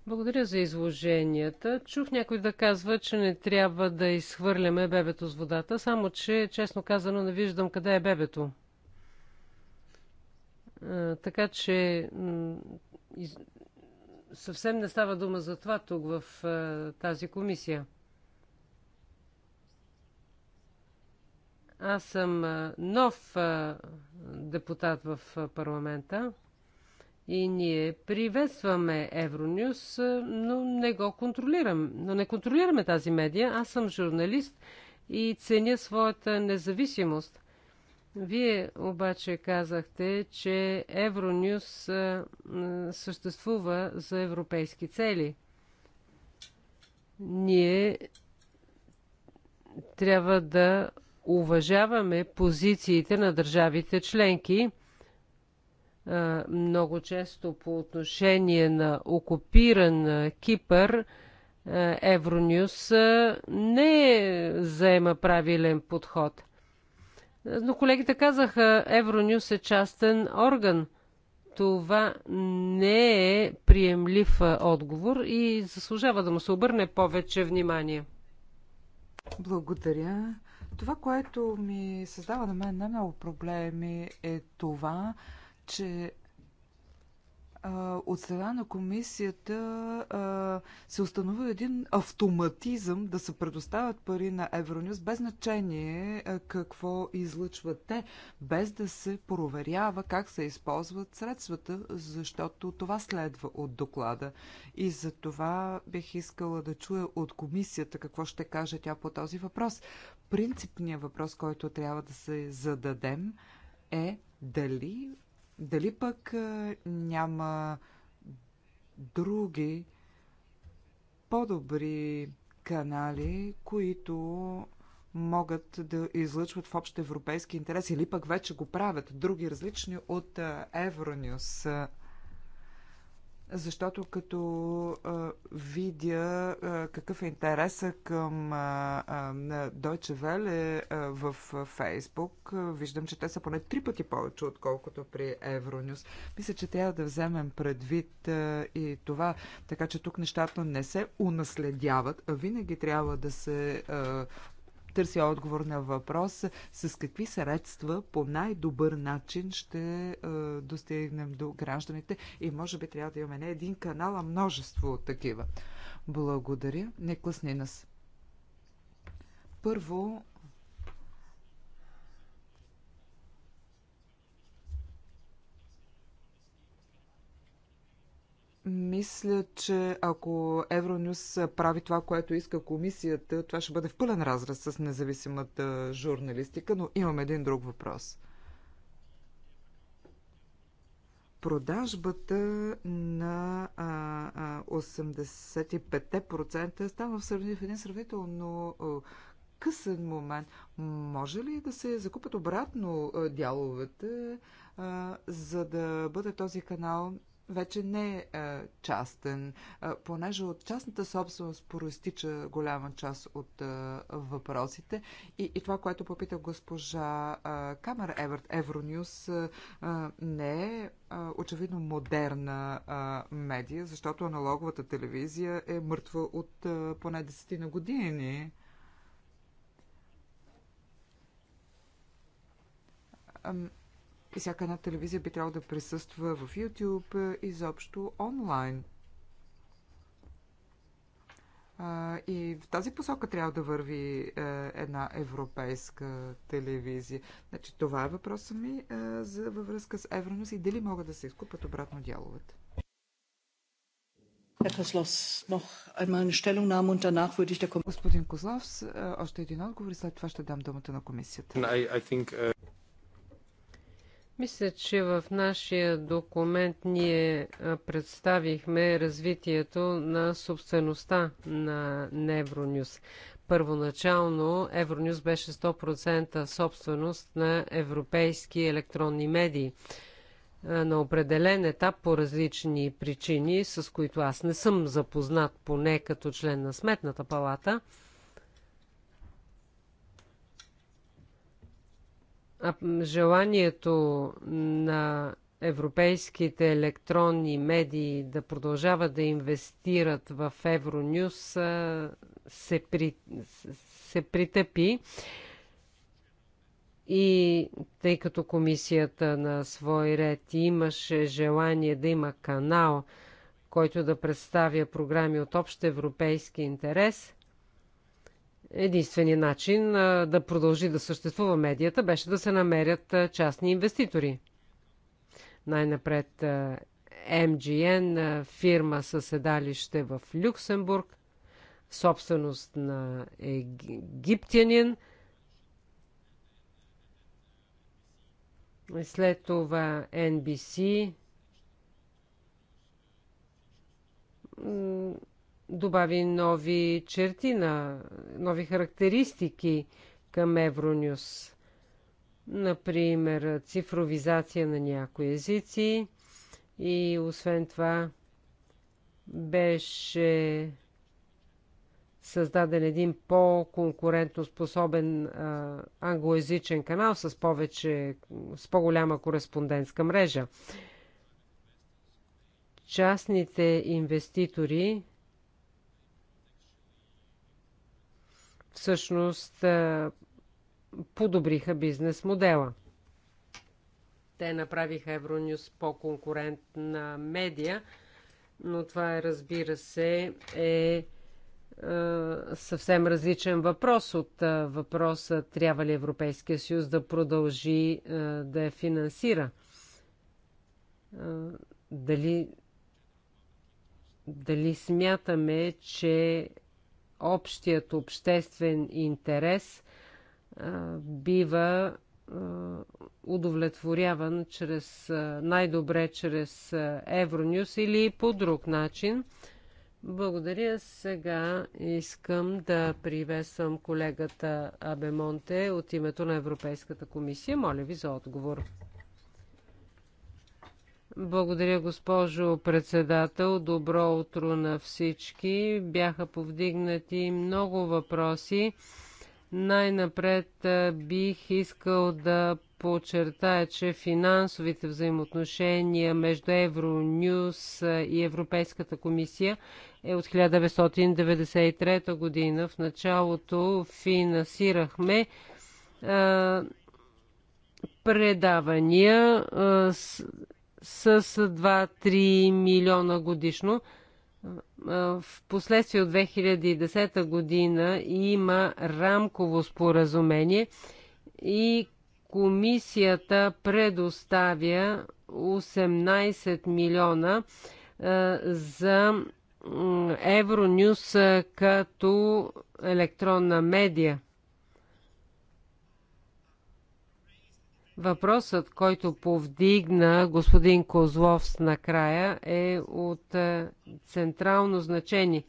Благодаря за изложенията. Чух някой да казва, че не трябва да изхвърляме бебето с водата, само че, честно казано, не виждам къде е бебето. Е, така че съвсем не става дума за това тук в е, тази комисия. Аз съм е, нов депутат в парламента и ние приветстваме Евронюс, но не го контролирам. Но не контролираме тази медия. Аз съм журналист и ценя своята независимост. Вие обаче казахте, че Евронюс съществува за европейски цели. Ние трябва да уважаваме позициите на държавите членки. Много често по отношение на окупиран Кипър, Евронюс не е заема правилен подход. Но колегите казаха, Евронюс е частен орган. Това не е приемлив отговор и заслужава да му се обърне повече внимание. Благодаря. Това, което ми създава на мен най-много проблеми е това, че от страна на комисията се установи един автоматизъм да се предоставят пари на Евронюс, без значение какво излъчват те, без да се проверява как се използват средствата, защото това следва от доклада. И за това бих искала да чуя от комисията какво ще каже тя по този въпрос. Принципният въпрос, който трябва да се зададем е дали дали пък няма други по-добри канали, които могат да излъчват в общ европейски интерес или пък вече го правят други различни от Евронюс защото като а, видя а, какъв е интересът към а, а, на Deutsche Welle а, в а, Фейсбук, а, виждам, че те са поне три пъти повече, отколкото при Евронюс. Мисля, че трябва да вземем предвид а, и това, така че тук нещата не се унаследяват, а винаги трябва да се а, търся отговор на въпроса с какви средства по най-добър начин ще е, достигнем до гражданите и може би трябва да имаме не един канал, а множество такива. Благодаря. Никлас Нинас. Първо, Мисля, че ако Евронюс прави това, което иска комисията, това ще бъде в пълен разраз с независимата журналистика, но имам един друг въпрос. Продажбата на 85% става в един сравнително късен момент. Може ли да се закупят обратно дяловете, за да бъде този канал вече не е, е частен, е, понеже от частната собственост проистича голяма част от е, въпросите. И, и това, което попита госпожа Камера Еверт, Евронюс не е очевидно модерна медия, защото аналоговата телевизия е мъртва от поне десетина години. И всяка една телевизия би трябвало да присъства в YouTube, изобщо онлайн. И в тази посока трябва да върви една европейска телевизия. Значи, това е въпросът ми за, във връзка с Евронюс и дали могат да се изкупат обратно дяловете. Господин Козлов, още един отговор и след това ще дам думата на комисията. Мисля, че в нашия документ ние представихме развитието на собствеността на Евронюс. Първоначално Евронюс беше 100% собственост на европейски електронни медии. На определен етап по различни причини, с които аз не съм запознат поне като член на Сметната палата – желанието на европейските електронни медии да продължават да инвестират в Евронюс се, при, се притъпи. И тъй като комисията на свой ред имаше желание да има канал, който да представя програми от общ европейски интерес – единственият начин да продължи да съществува медията беше да се намерят частни инвеститори. Най-напред MGN, фирма със седалище в Люксембург, собственост на египтянин. След това NBC добави нови черти на нови характеристики към Евронюс. Например, цифровизация на някои езици и освен това беше създаден един по конкурентно способен англоязичен канал с повече, с по-голяма кореспондентска мрежа. Частните инвеститори всъщност подобриха бизнес модела. Те направиха Евронюс по-конкурентна медия, но това е, разбира се, е съвсем различен въпрос от въпроса трябва ли Европейския съюз да продължи да я финансира. Дали, дали смятаме, че общият обществен интерес бива удовлетворяван чрез, най-добре чрез Евронюс или по друг начин. Благодаря. Сега искам да приветствам колегата Абемонте от името на Европейската комисия. Моля ви за отговор. Благодаря, госпожо председател. Добро утро на всички. Бяха повдигнати много въпроси. Най-напред бих искал да подчертая, че финансовите взаимоотношения между Евронюс и Европейската комисия е от 1993 година. В началото финансирахме предавания с, с 2-3 милиона годишно. В последствие от 2010 година има рамково споразумение и комисията предоставя 18 милиона за Евронюс като електронна медия. Въпросът, който повдигна господин Козлов накрая, е от е, централно значение.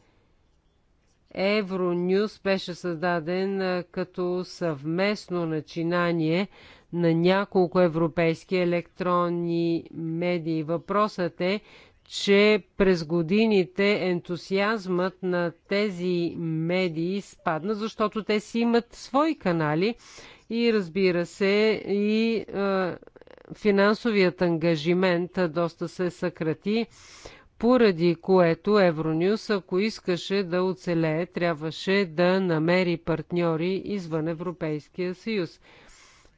Евронюс беше създаден е, като съвместно начинание на няколко европейски електронни медии. Въпросът е, че през годините ентусиазмът на тези медии спадна, защото те си имат свои канали и разбира се и финансовият ангажимент доста се съкрати, поради което Евронюс, ако искаше да оцелее, трябваше да намери партньори извън Европейския съюз.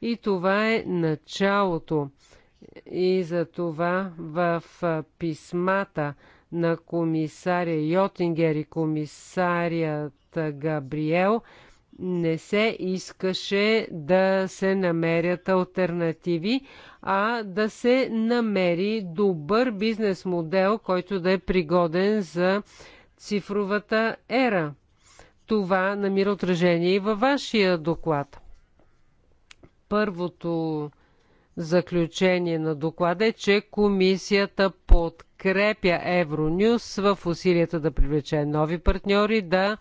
И това е началото. И за това в писмата на комисаря Йотингер и комисарият Габриел – не се искаше да се намерят альтернативи, а да се намери добър бизнес модел, който да е пригоден за цифровата ера. Това намира отражение и във вашия доклад. Първото заключение на доклада е, че комисията подкрепя Евронюс в усилията да привлече нови партньори, да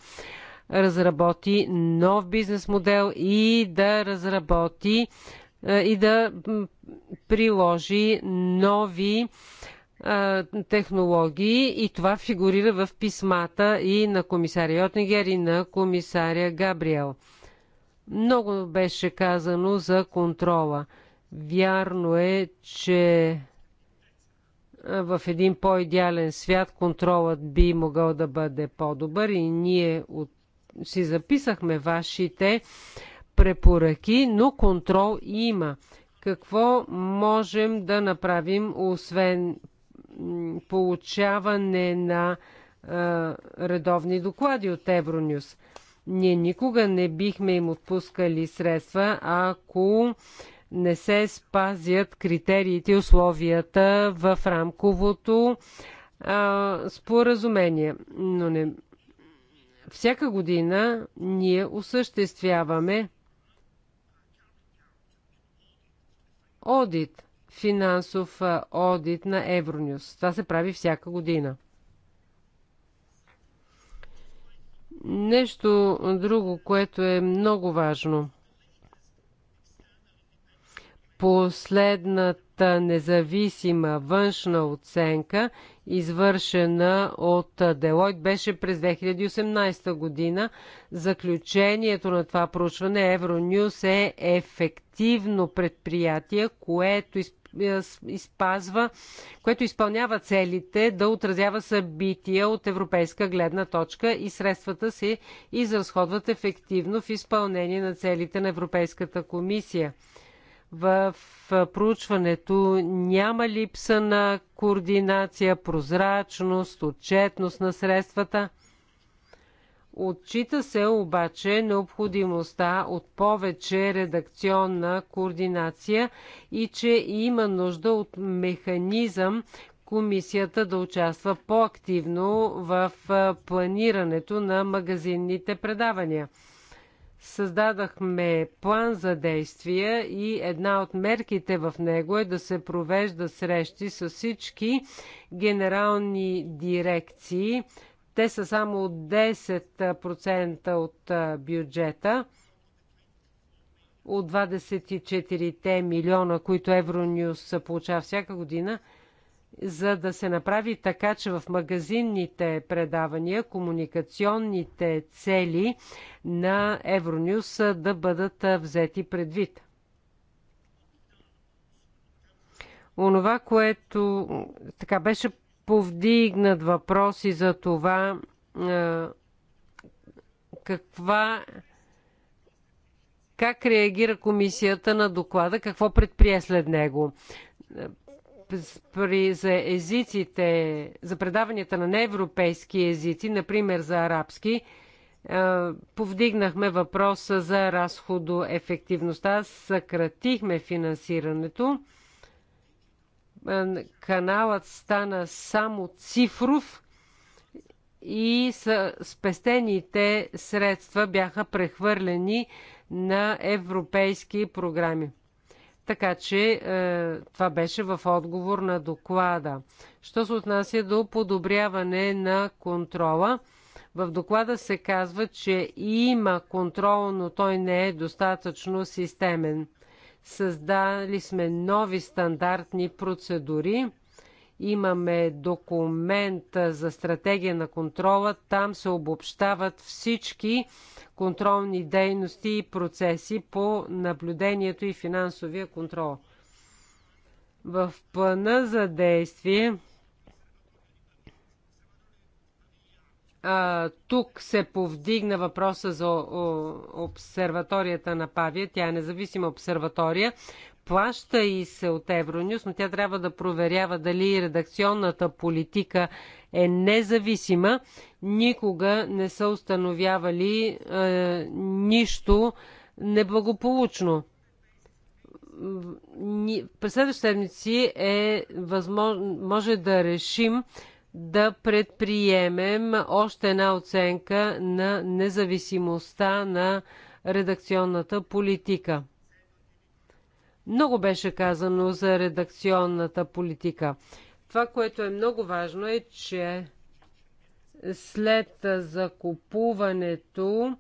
разработи нов бизнес модел и да разработи е, и да приложи нови е, технологии и това фигурира в писмата и на комисаря Йотнигер и на комисаря Габриел. Много беше казано за контрола. Вярно е, че е, в един по-идеален свят контролът би могъл да бъде по-добър и ние от си записахме вашите препоръки, но контрол има. Какво можем да направим, освен получаване на а, редовни доклади от Евронюс? Ние никога не бихме им отпускали средства, ако не се спазят критериите и условията в рамковото а, споразумение. Но не, всяка година ние осъществяваме одит, финансов одит на Евронюс. Това се прави всяка година. Нещо друго, което е много важно. Последната независима външна оценка извършена от Делойт, беше през 2018 година. Заключението на това проучване Евронюс е ефективно предприятие, което е, изпазва, което изпълнява целите да отразява събития от европейска гледна точка и средствата се изразходват ефективно в изпълнение на целите на Европейската комисия в проучването няма липса на координация, прозрачност, отчетност на средствата. Отчита се обаче необходимостта от повече редакционна координация и че има нужда от механизъм комисията да участва по-активно в планирането на магазинните предавания. Създадахме план за действия и една от мерките в него е да се провежда срещи с всички генерални дирекции. Те са само 10% от бюджета от 24 милиона, които Евронюс получава всяка година – за да се направи така, че в магазинните предавания комуникационните цели на Евронюс да бъдат взети предвид. Онова, което така беше повдигнат въпроси за това каква как реагира комисията на доклада, какво предприе след него при, за езиците, за предаванията на неевропейски езици, например за арабски, е, повдигнахме въпроса за разходоефективността, съкратихме финансирането. Е, каналът стана само цифров и спестените средства бяха прехвърлени на европейски програми. Така че е, това беше в отговор на доклада. Що се отнася до подобряване на контрола? В доклада се казва, че има контрол, но той не е достатъчно системен. Създали сме нови стандартни процедури Имаме документ за стратегия на контрола. Там се обобщават всички контролни дейности и процеси по наблюдението и финансовия контрол. В плана за действие а, тук се повдигна въпроса за о, обсерваторията на Павия. Тя е независима обсерватория, Плаща и се от Евронюс, но тя трябва да проверява дали редакционната политика е независима. Никога не са установявали е, нищо неблагополучно през следващите седмици е възможно, може да решим да предприемем още една оценка на независимостта на редакционната политика. Много беше казано за редакционната политика. Това, което е много важно е, че след закупуването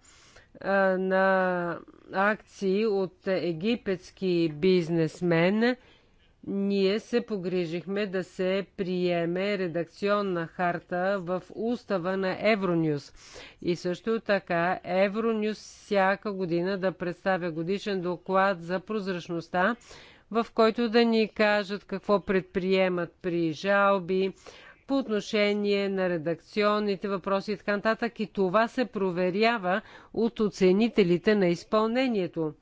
на акции от египетски бизнесмен, ние се погрижихме да се приеме редакционна харта в устава на Евронюс. И също така Евронюс всяка година да представя годишен доклад за прозрачността, в който да ни кажат какво предприемат при жалби, по отношение на редакционните въпроси и така нататък. И това се проверява от оценителите на изпълнението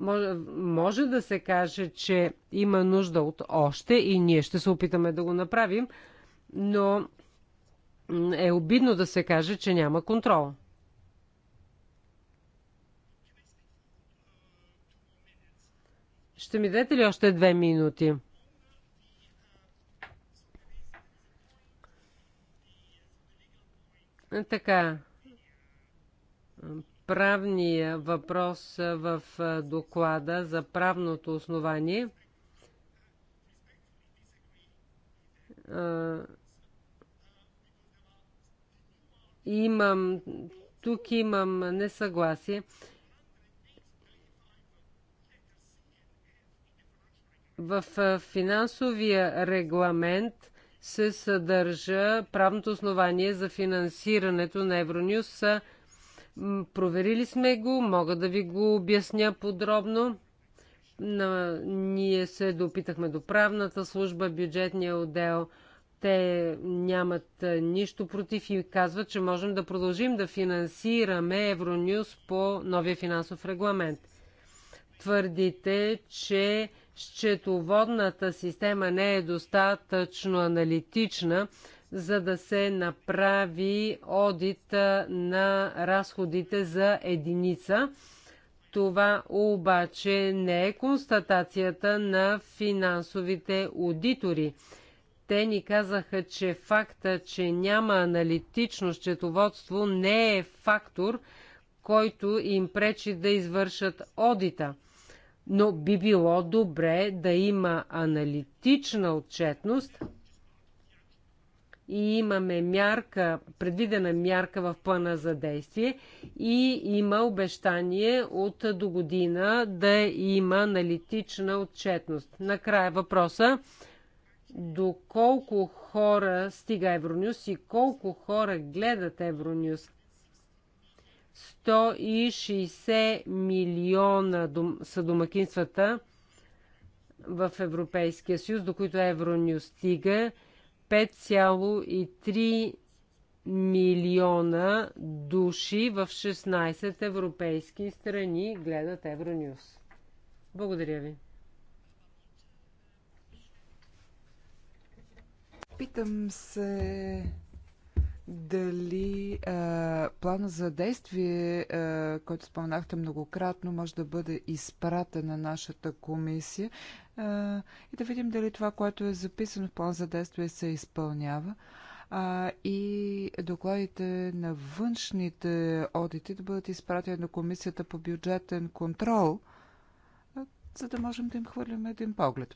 може, може да се каже, че има нужда от още и ние ще се опитаме да го направим, но е обидно да се каже, че няма контрол. Ще ми дадете ли още две минути? Така правния въпрос в доклада за правното основание. Имам, тук имам несъгласие. В финансовия регламент се съдържа правното основание за финансирането на Евронюс Проверили сме го, мога да ви го обясня подробно. На... Ние се допитахме до правната служба, бюджетния отдел. Те нямат нищо против и казват, че можем да продължим да финансираме Евронюс по новия финансов регламент. Твърдите, че счетоводната система не е достатъчно аналитична, за да се направи одит на разходите за единица. Това обаче не е констатацията на финансовите аудитори. Те ни казаха, че факта, че няма аналитично счетоводство не е фактор, който им пречи да извършат одита. Но би било добре да има аналитична отчетност, и имаме мярка, предвидена мярка в плана за действие и има обещание от до година да има аналитична отчетност. Накрая въпроса до колко хора стига Евронюс и колко хора гледат Евронюс. 160 милиона дом, са домакинствата в Европейския съюз, до които Евронюс стига 5,3 милиона души в 16 европейски страни гледат Евронюс. Благодаря ви. Питам се дали а, плана за действие, а, който споменахте многократно, може да бъде изпратен на нашата комисия а, и да видим дали това, което е записано в план за действие, се изпълнява. А, и докладите на външните одити да бъдат изпратени на комисията по бюджетен контрол, а, за да можем да им хвърлим един поглед.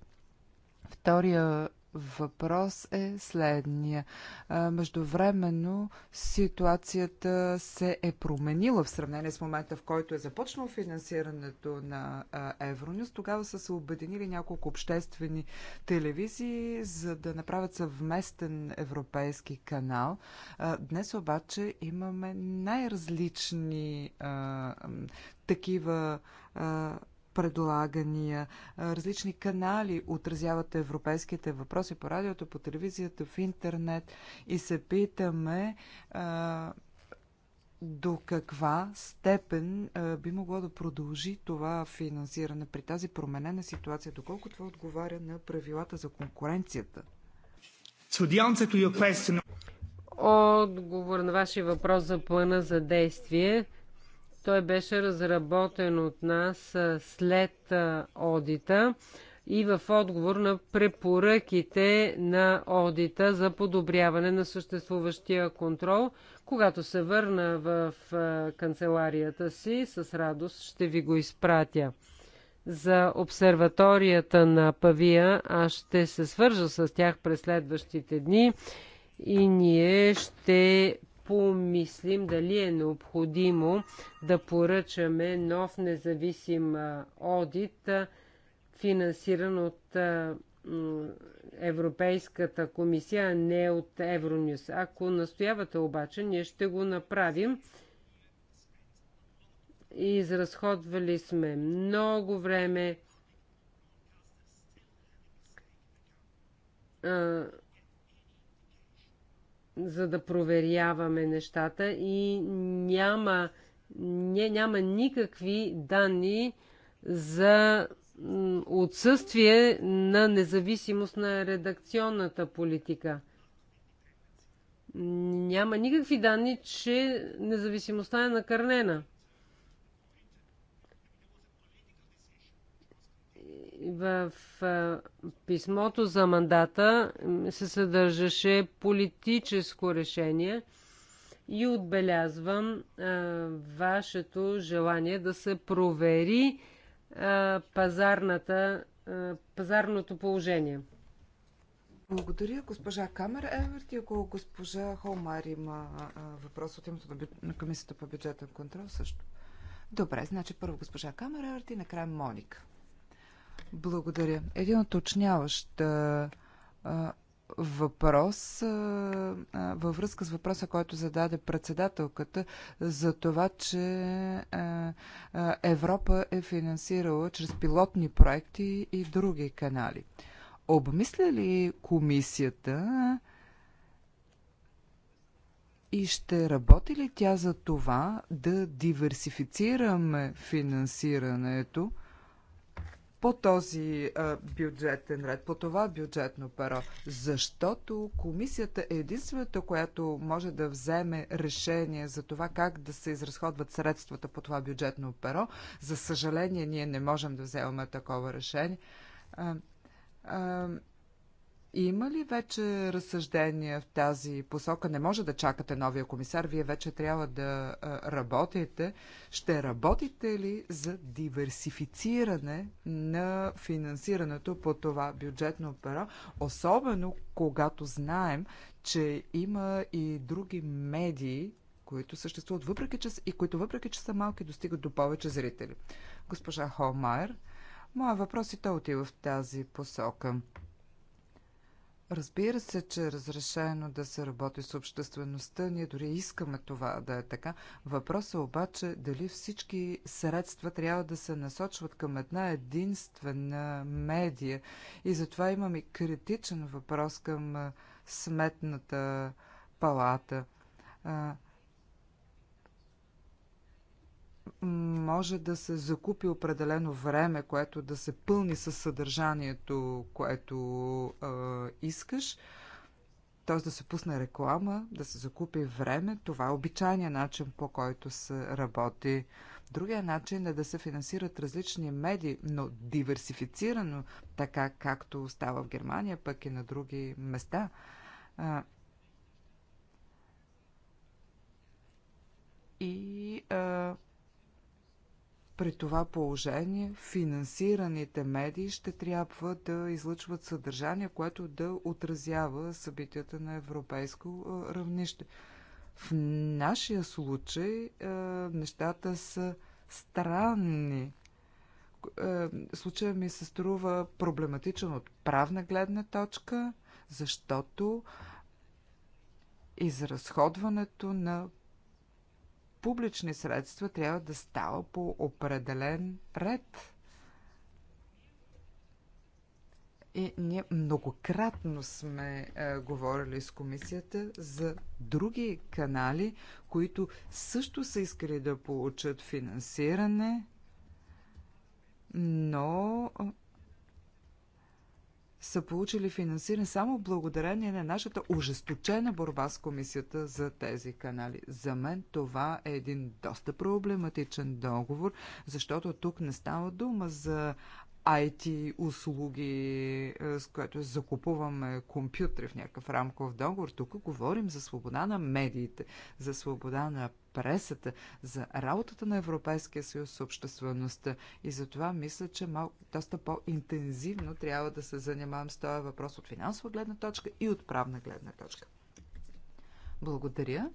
Втория въпрос е следния. Междувременно ситуацията се е променила в сравнение с момента, в който е започнало финансирането на Евронюс. Тогава са се обединили няколко обществени телевизии, за да направят съвместен европейски канал. Днес обаче имаме най-различни такива предлагания, различни канали отразяват европейските въпроси по радиото, по телевизията, в интернет и се питаме до каква степен би могло да продължи това финансиране при тази променена ситуация, доколко това отговаря на правилата за конкуренцията? Отговор на вашия въпрос за плана за действие. Той беше разработен от нас след одита и в отговор на препоръките на одита за подобряване на съществуващия контрол. Когато се върна в канцеларията си, с радост ще ви го изпратя. За обсерваторията на Павия аз ще се свържа с тях през следващите дни и ние ще помислим дали е необходимо да поръчаме нов независим одит, финансиран от Европейската комисия, а не от Евронюс. Ако настоявате обаче, ние ще го направим. Изразходвали сме много време за да проверяваме нещата и няма, не, няма никакви данни за отсъствие на независимост на редакционната политика. Няма никакви данни, че независимостта е накърнена. В писмото за мандата се съдържаше политическо решение и отбелязвам а, вашето желание да се провери а, пазарната, а, пазарното положение. Благодаря, госпожа Камер Еверт и ако госпожа Холмар има а, въпрос от името на, на Комисията по бюджетен контрол също. Добре, значи първо госпожа Камер Еверт и накрая Моника. Благодаря. Един уточняващ въпрос във връзка с въпроса, който зададе председателката за това, че Европа е финансирала чрез пилотни проекти и други канали. Обмисля ли комисията и ще работи ли тя за това да диверсифицираме финансирането? по този а, бюджетен ред, по това бюджетно перо, защото комисията е единствената, която може да вземе решение за това как да се изразходват средствата по това бюджетно перо. За съжаление, ние не можем да вземаме такова решение. А, а, има ли вече разсъждения в тази посока? Не може да чакате новия комисар, вие вече трябва да работите. Ще работите ли за диверсифициране на финансирането по това бюджетно перо, особено когато знаем, че има и други медии, които съществуват въпреки, че, и които въпреки, че са малки, достигат до повече зрители. Госпожа Холмайер, моя въпрос и той отива в тази посока. Разбира се, че е разрешено да се работи с обществеността, ние дори искаме това да е така. Въпросът е обаче дали всички средства трябва да се насочват към една единствена медия. И затова имам и критичен въпрос към сметната палата може да се закупи определено време, което да се пълни със съдържанието, което а, искаш. Т.е. да се пусне реклама, да се закупи време. Това е обичайният начин, по който се работи. Другия начин е да се финансират различни медии, но диверсифицирано, така както става в Германия, пък и на други места. и а, при това положение финансираните медии ще трябва да излъчват съдържание, което да отразява събитията на европейско равнище. В нашия случай нещата са странни. Случая ми се струва проблематичен от правна гледна точка, защото изразходването на публични средства трябва да става по определен ред. И ние многократно сме е, говорили с комисията за други канали, които също са искали да получат финансиране, но е, са получили финансиране само благодарение на нашата ужесточена борба с комисията за тези канали. За мен това е един доста проблематичен договор, защото тук не става дума за IT услуги, е, с което закупуваме компютри в някакъв рамков договор. Тук говорим за свобода на медиите, за свобода на пресата, за работата на Европейския съюз с обществеността. И затова мисля, че малко, доста по-интензивно трябва да се занимавам с този въпрос от финансова гледна точка и от правна гледна точка. Благодаря.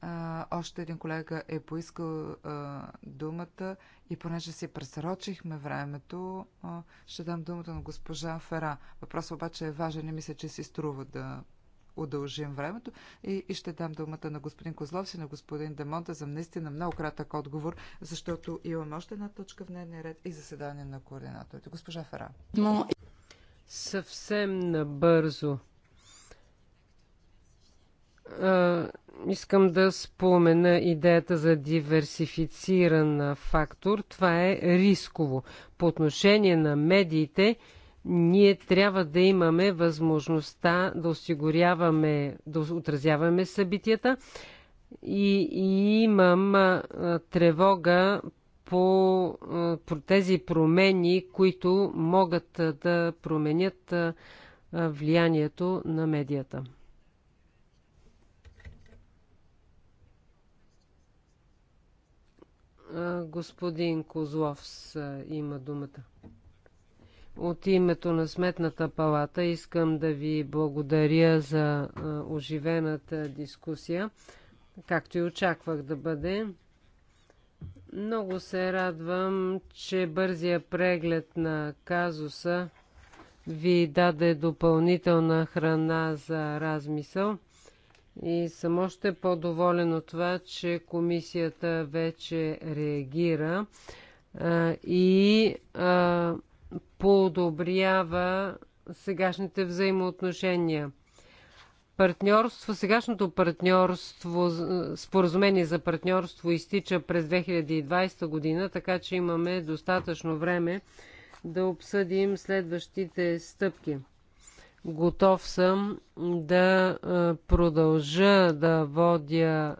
А, още един колега е поискал а, думата и понеже си пресрочихме времето, а, ще дам думата на госпожа Фера. Въпросът обаче е важен и мисля, че си струва да удължим времето и, и ще дам думата на господин Козлов и на господин Демонта за наистина много кратък отговор, защото имаме още една точка в дневния ред и заседание на координаторите. Госпожа Фера. Съвсем набързо искам да спомена идеята за диверсифициран фактор. Това е рисково. По отношение на медиите, ние трябва да имаме възможността да осигуряваме, да отразяваме събитията и, и имам а, тревога по, а, по тези промени, които могат а, да променят а, влиянието на медията. Господин Козлов има думата. От името на Сметната палата искам да ви благодаря за оживената дискусия, както и очаквах да бъде. Много се радвам, че бързия преглед на казуса ви даде допълнителна храна за размисъл. И съм още по-доволен от това, че комисията вече реагира а, и а, подобрява сегашните взаимоотношения. Партньорство, сегашното партньорство, споразумение за партньорство изтича през 2020 година, така че имаме достатъчно време да обсъдим следващите стъпки. Готов съм да продължа да водя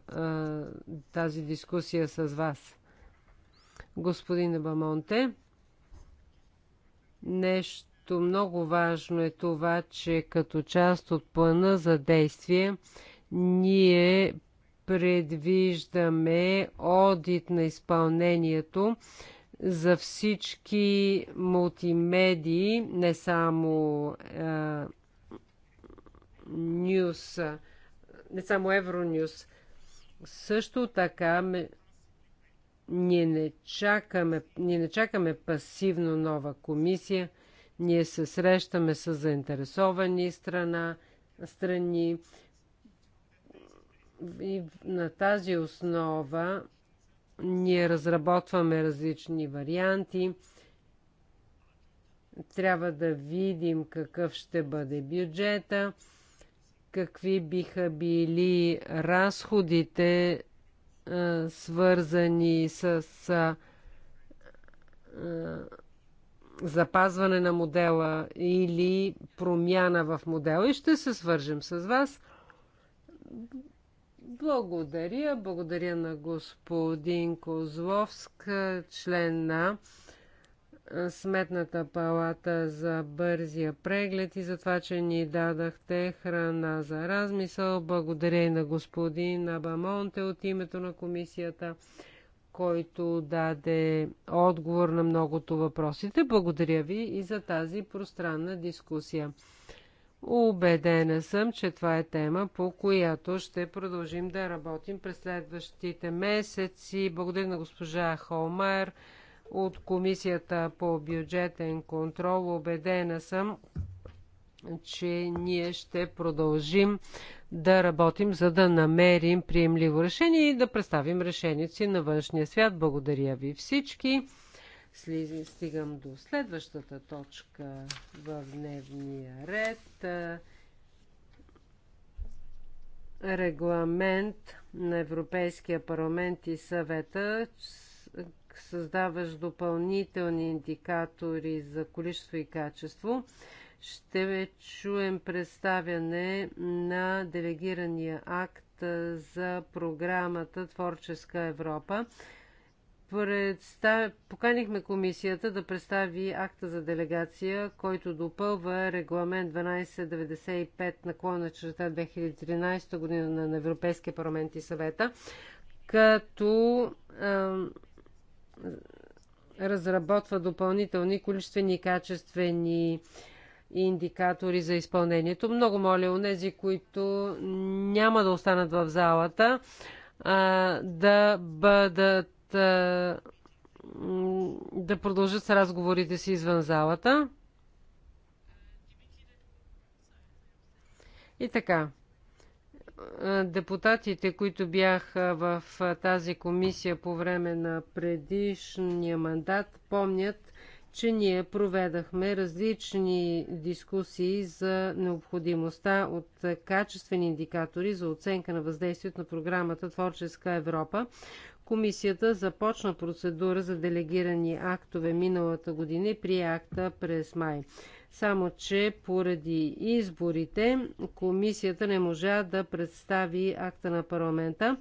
тази дискусия с вас. Господин Бамонте, нещо много важно е това, че като част от плана за действие ние предвиждаме одит на изпълнението за всички мултимедии, не само е, не само Евронюс. Също така ме, ние, не чакаме, ние не чакаме пасивно нова комисия. Ние се срещаме с заинтересовани страна, страни. И на тази основа ние разработваме различни варианти. Трябва да видим какъв ще бъде бюджета, какви биха били разходите, свързани с запазване на модела или промяна в модела и ще се свържем с вас. Благодаря. Благодаря на господин Козловск, член на Сметната палата за бързия преглед и за това, че ни дадахте храна за размисъл. Благодаря и на господин Абамонте от името на комисията, който даде отговор на многото въпросите. Благодаря ви и за тази пространна дискусия. Убедена съм, че това е тема, по която ще продължим да работим през следващите месеци. Благодаря на госпожа Холмайер от Комисията по бюджетен контрол. Убедена съм, че ние ще продължим да работим, за да намерим приемливо решение и да представим решението си на външния свят. Благодаря ви всички. Стигам до следващата точка в дневния ред. Регламент на Европейския парламент и съвета, създаваш допълнителни индикатори за количество и качество, ще чуем представяне на делегирания акт за програмата Творческа Европа Представ... Поканихме комисията да представи акта за делегация, който допълва регламент 1295 наклона черта 2013 година на Европейския парламент и съвета, като а, разработва допълнителни количествени и качествени индикатори за изпълнението. Много моля онези, които няма да останат в залата, а, да бъдат да продължат с разговорите си извън залата. И така, депутатите, които бяха в тази комисия по време на предишния мандат, помнят, че ние проведахме различни дискусии за необходимостта от качествени индикатори за оценка на въздействието на програмата Творческа Европа, Комисията започна процедура за делегирани актове миналата година и прие акта през май. Само, че поради изборите комисията не можа да представи акта на парламента.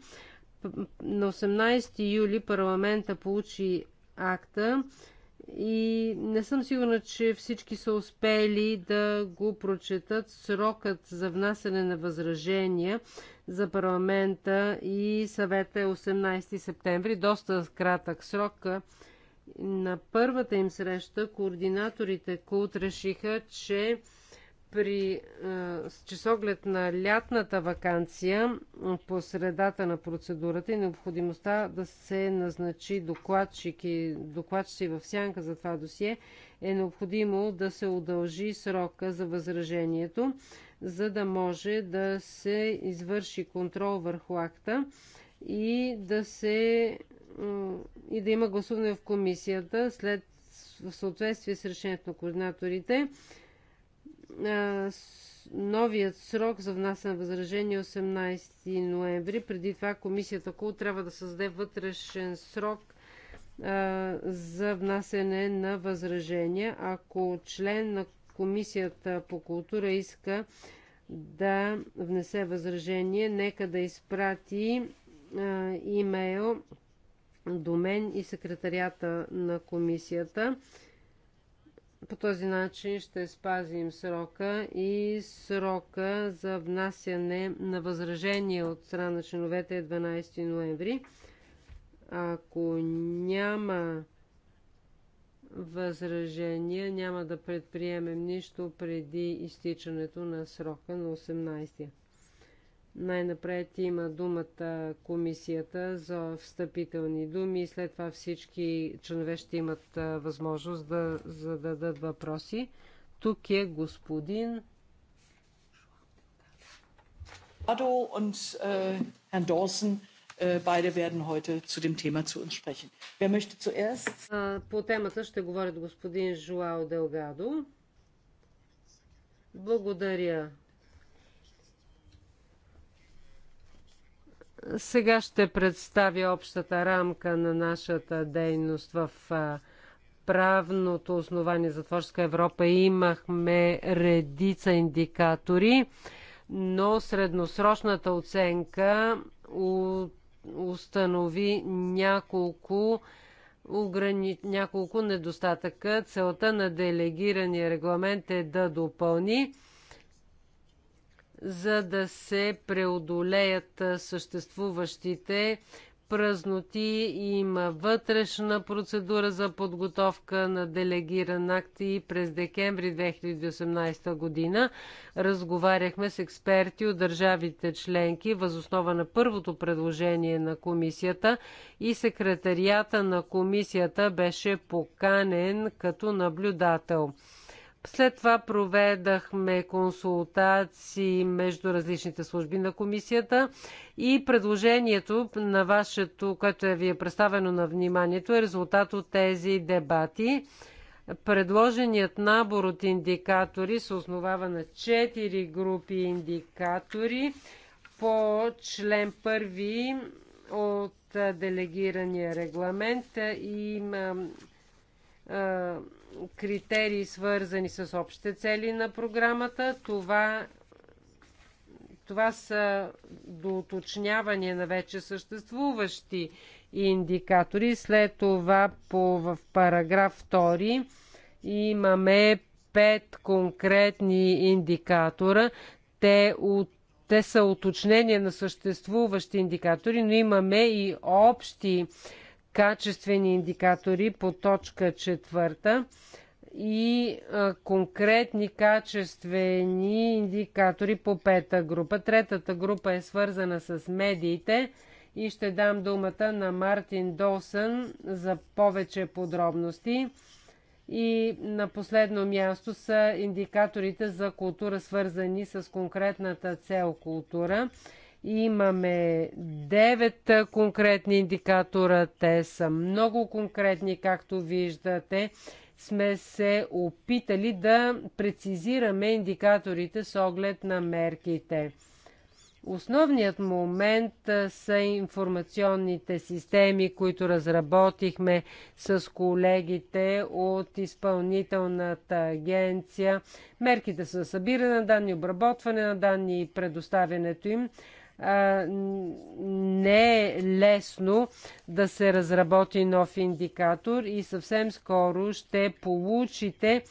На 18 юли парламента получи акта и не съм сигурна, че всички са успели да го прочетат. Срокът за внасяне на възражения за парламента и съвета е 18 септември. Доста кратък срок. На първата им среща координаторите Култ решиха, че при, че с оглед на лятната вакансия по средата на процедурата и необходимостта да се назначи докладчик и докладчици в сянка за това досие, е необходимо да се удължи срока за възражението за да може да се извърши контрол върху акта и да се и да има гласуване в комисията след в съответствие с решението на координаторите. Новият срок за внасяне на възражение 18 е ноември. Преди това комисията КУ трябва да създаде вътрешен срок за внасене на възражения. Ако член на Комисията по култура иска да внесе възражение, нека да изпрати а, имейл до мен и секретарията на комисията. По този начин ще спазим срока и срока за внасяне на възражение от страна на членовете е 12 ноември. Ако няма възражения. Няма да предприемем нищо преди изтичането на срока на 18. я Най-напред има думата комисията за встъпителни думи и след това всички членове ще имат възможност да зададат въпроси. Тук е господин Адол и Хан Долсен. Äh, beide werden heute zu dem Thema zu uns sprechen. Wer möchte zuerst? По темата ще говорят господин Жуао Делгадо. Благодаря. Сега ще представя общата рамка на нашата дейност в правното основание за Творческа Европа. Имахме редица индикатори, но средносрочната оценка установи няколко ограни... няколко недостатъка. Целта на делегирания регламент е да допълни, за да се преодолеят съществуващите празноти, има вътрешна процедура за подготовка на делегиран акт и през декември 2018 година разговаряхме с експерти от държавите членки възоснова на първото предложение на комисията и секретарията на комисията беше поканен като наблюдател. След това проведахме консултации между различните служби на комисията и предложението на вашето, което е ви е представено на вниманието, е резултат от тези дебати. Предложеният набор от индикатори се основава на 4 групи индикатори по член 1 от делегирания регламент. Има критерии, свързани с общите цели на програмата. Това, това са доуточняване на вече съществуващи индикатори. След това по, в параграф 2 имаме пет конкретни индикатора. Те, от, те са уточнения на съществуващи индикатори, но имаме и общи качествени индикатори по точка четвърта и а, конкретни качествени индикатори по пета група. Третата група е свързана с медиите и ще дам думата на Мартин Долсън за повече подробности. И на последно място са индикаторите за култура, свързани с конкретната цел култура Имаме 9 конкретни индикатора. Те са много конкретни, както виждате. Сме се опитали да прецизираме индикаторите с оглед на мерките. Основният момент са информационните системи, които разработихме с колегите от изпълнителната агенция. Мерките са събиране на данни, обработване на данни и предоставянето им не е лесно да се разработи нов индикатор и съвсем скоро ще получите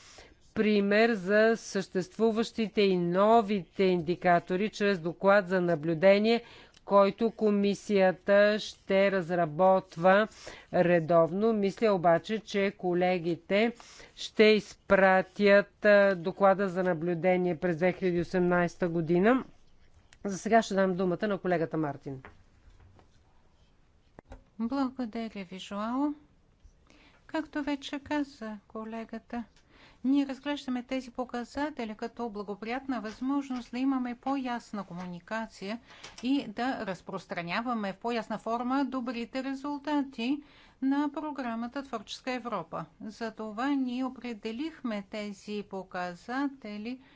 пример за съществуващите и новите индикатори чрез доклад за наблюдение, който комисията ще разработва редовно. Мисля обаче, че колегите ще изпратят доклада за наблюдение през 2018 година. За сега ще дам думата на колегата Мартин. Благодаря ви, Жоао. Както вече каза колегата, ние разглеждаме тези показатели като благоприятна възможност да имаме по-ясна комуникация и да разпространяваме в по-ясна форма добрите резултати на програмата Творческа Европа. Затова ние определихме тези показатели –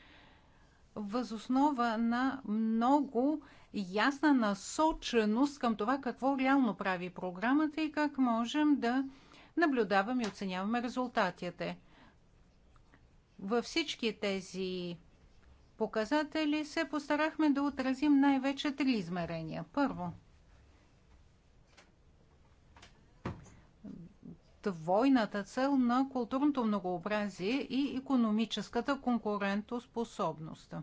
възоснова на много ясна насоченост към това какво реално прави програмата и как можем да наблюдаваме и оценяваме резултатите. Във всички тези показатели се постарахме да отразим най-вече три измерения. Първо – двойната цел на културното многообразие и економическата конкурентоспособност.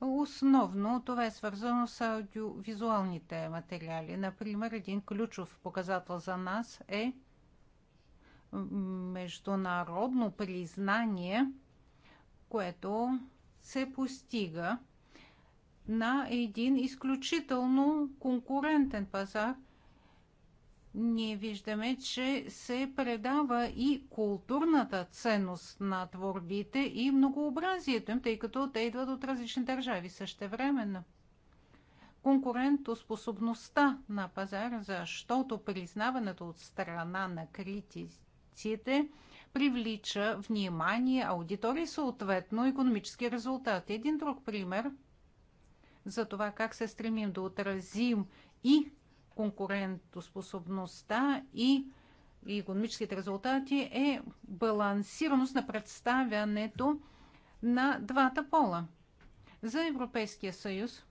Основно това е свързано с аудиовизуалните материали. Например, един ключов показател за нас е международно признание, което се постига на един изключително конкурентен пазар ние виждаме, че се предава и културната ценност на творбите и многообразието им, тъй като те идват от различни държави същевременно. Конкурентоспособността на пазара, защото признаването от страна на критиците привлича внимание, аудитории, съответно економически резултати. Един друг пример за това как се стремим да отразим и конкурентоспособността и економическите резултати е балансираност на представянето на двата пола. За Европейския съюз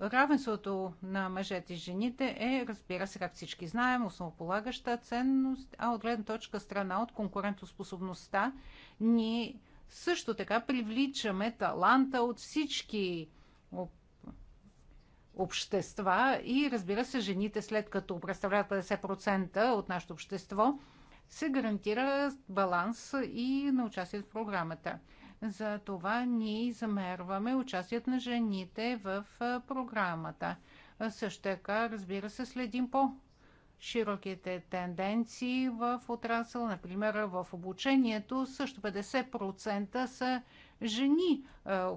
равенството на мъжете и жените е, разбира се, как всички знаем, основополагаща ценност, а от гледна точка страна от конкурентоспособността ние също така привличаме таланта от всички общества и разбира се, жените след като представляват 50% от нашето общество, се гарантира баланс и на участие в програмата. За това ние замерваме участието на жените в програмата. Също така, разбира се, следим по широките тенденции в отрасъл. Например, в обучението също 50% са жени,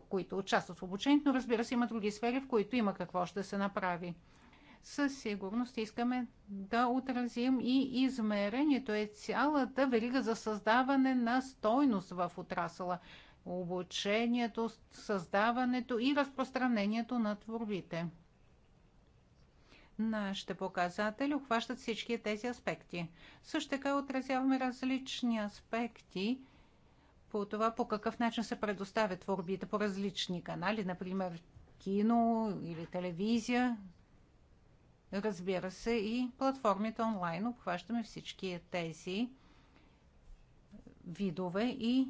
които участват в обучението, но разбира се има други сфери, в които има какво ще се направи. Със сигурност искаме да отразим и измерението е цялата верига за създаване на стойност в отрасъла. Обучението, създаването и разпространението на творбите. Нашите показатели обхващат всички тези аспекти. Също така отразяваме различни аспекти по това по какъв начин се предоставят творбите по различни канали, например кино или телевизия. Разбира се, и платформите онлайн обхващаме всички тези видове и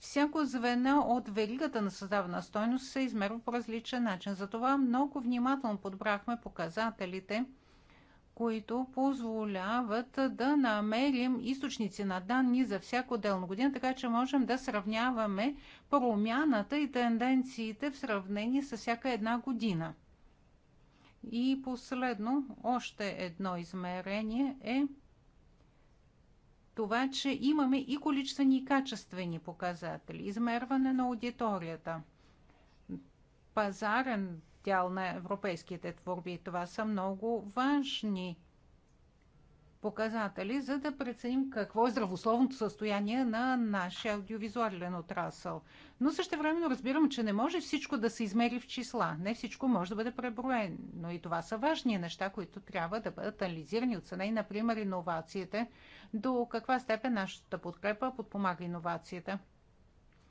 всяко звена от веригата на създавана стойност се измерва по различен начин. Затова много внимателно подбрахме показателите – които позволяват да намерим източници на данни за всяко отделно година, така че можем да сравняваме промяната и тенденциите в сравнение с всяка една година. И последно, още едно измерение е това, че имаме и количествени и качествени показатели. Измерване на аудиторията. Пазарен дял на европейските творби. Това са много важни показатели, за да преценим какво е здравословното състояние на нашия аудиовизуален отрасъл. Но също времено разбирам, че не може всичко да се измери в числа. Не всичко може да бъде преброено. но И това са важни неща, които трябва да бъдат анализирани, оценени, например, иновациите. До каква степен нашата подкрепа подпомага иновацията.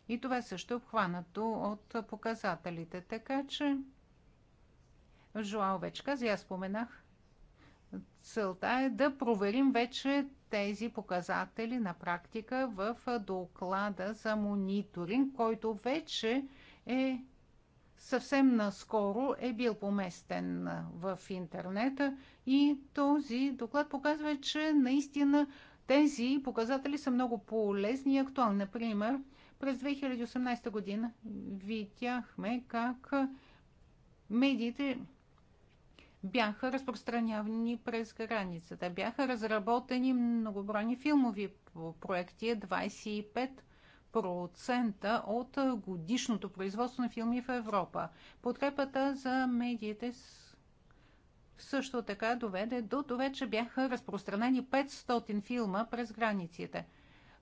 И това също е обхванато от показателите. Така че Жоал вече каза, аз споменах. Целта е да проверим вече тези показатели на практика в доклада за мониторинг, който вече е съвсем наскоро е бил поместен в интернета и този доклад показва, че наистина тези показатели са много полезни и актуални. Например, през 2018 година видяхме как медиите бяха разпространявани през границата. Бяха разработени многобройни филмови проекти, 25% от годишното производство на филми в Европа. Подкрепата за медиите също така доведе до това, че бяха разпространени 500 филма през границите.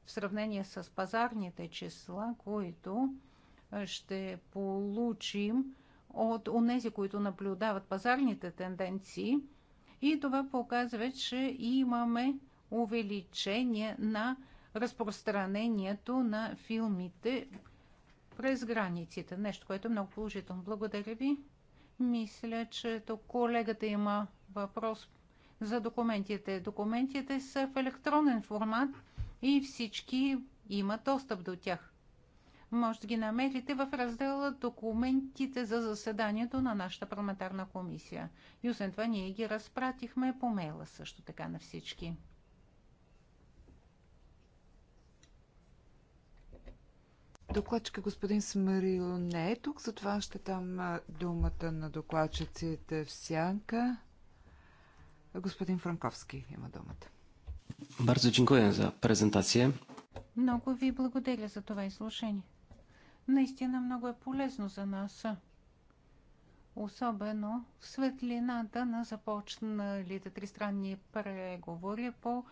В сравнение с пазарните числа, които ще получим от онези, които наблюдават пазарните тенденции. И това показва, че имаме увеличение на разпространението на филмите през границите. Нещо, което е много положително. Благодаря ви. Мисля, че тук колегата има въпрос за документите. Документите са в електронен формат и всички имат достъп до тях може да ги намерите в раздела документите за заседанието на нашата парламентарна комисия. И освен това ние ги разпратихме по мейла също така на всички. Докладчика господин Смарио не е тук, затова ще дам думата на докладчиците в сянка. Господин Франковски има думата. Bardzo dziękuję za Много ви благодаря за това изслушение наистина много е полезно за нас. Особено в светлината на започналите тристранни преговори по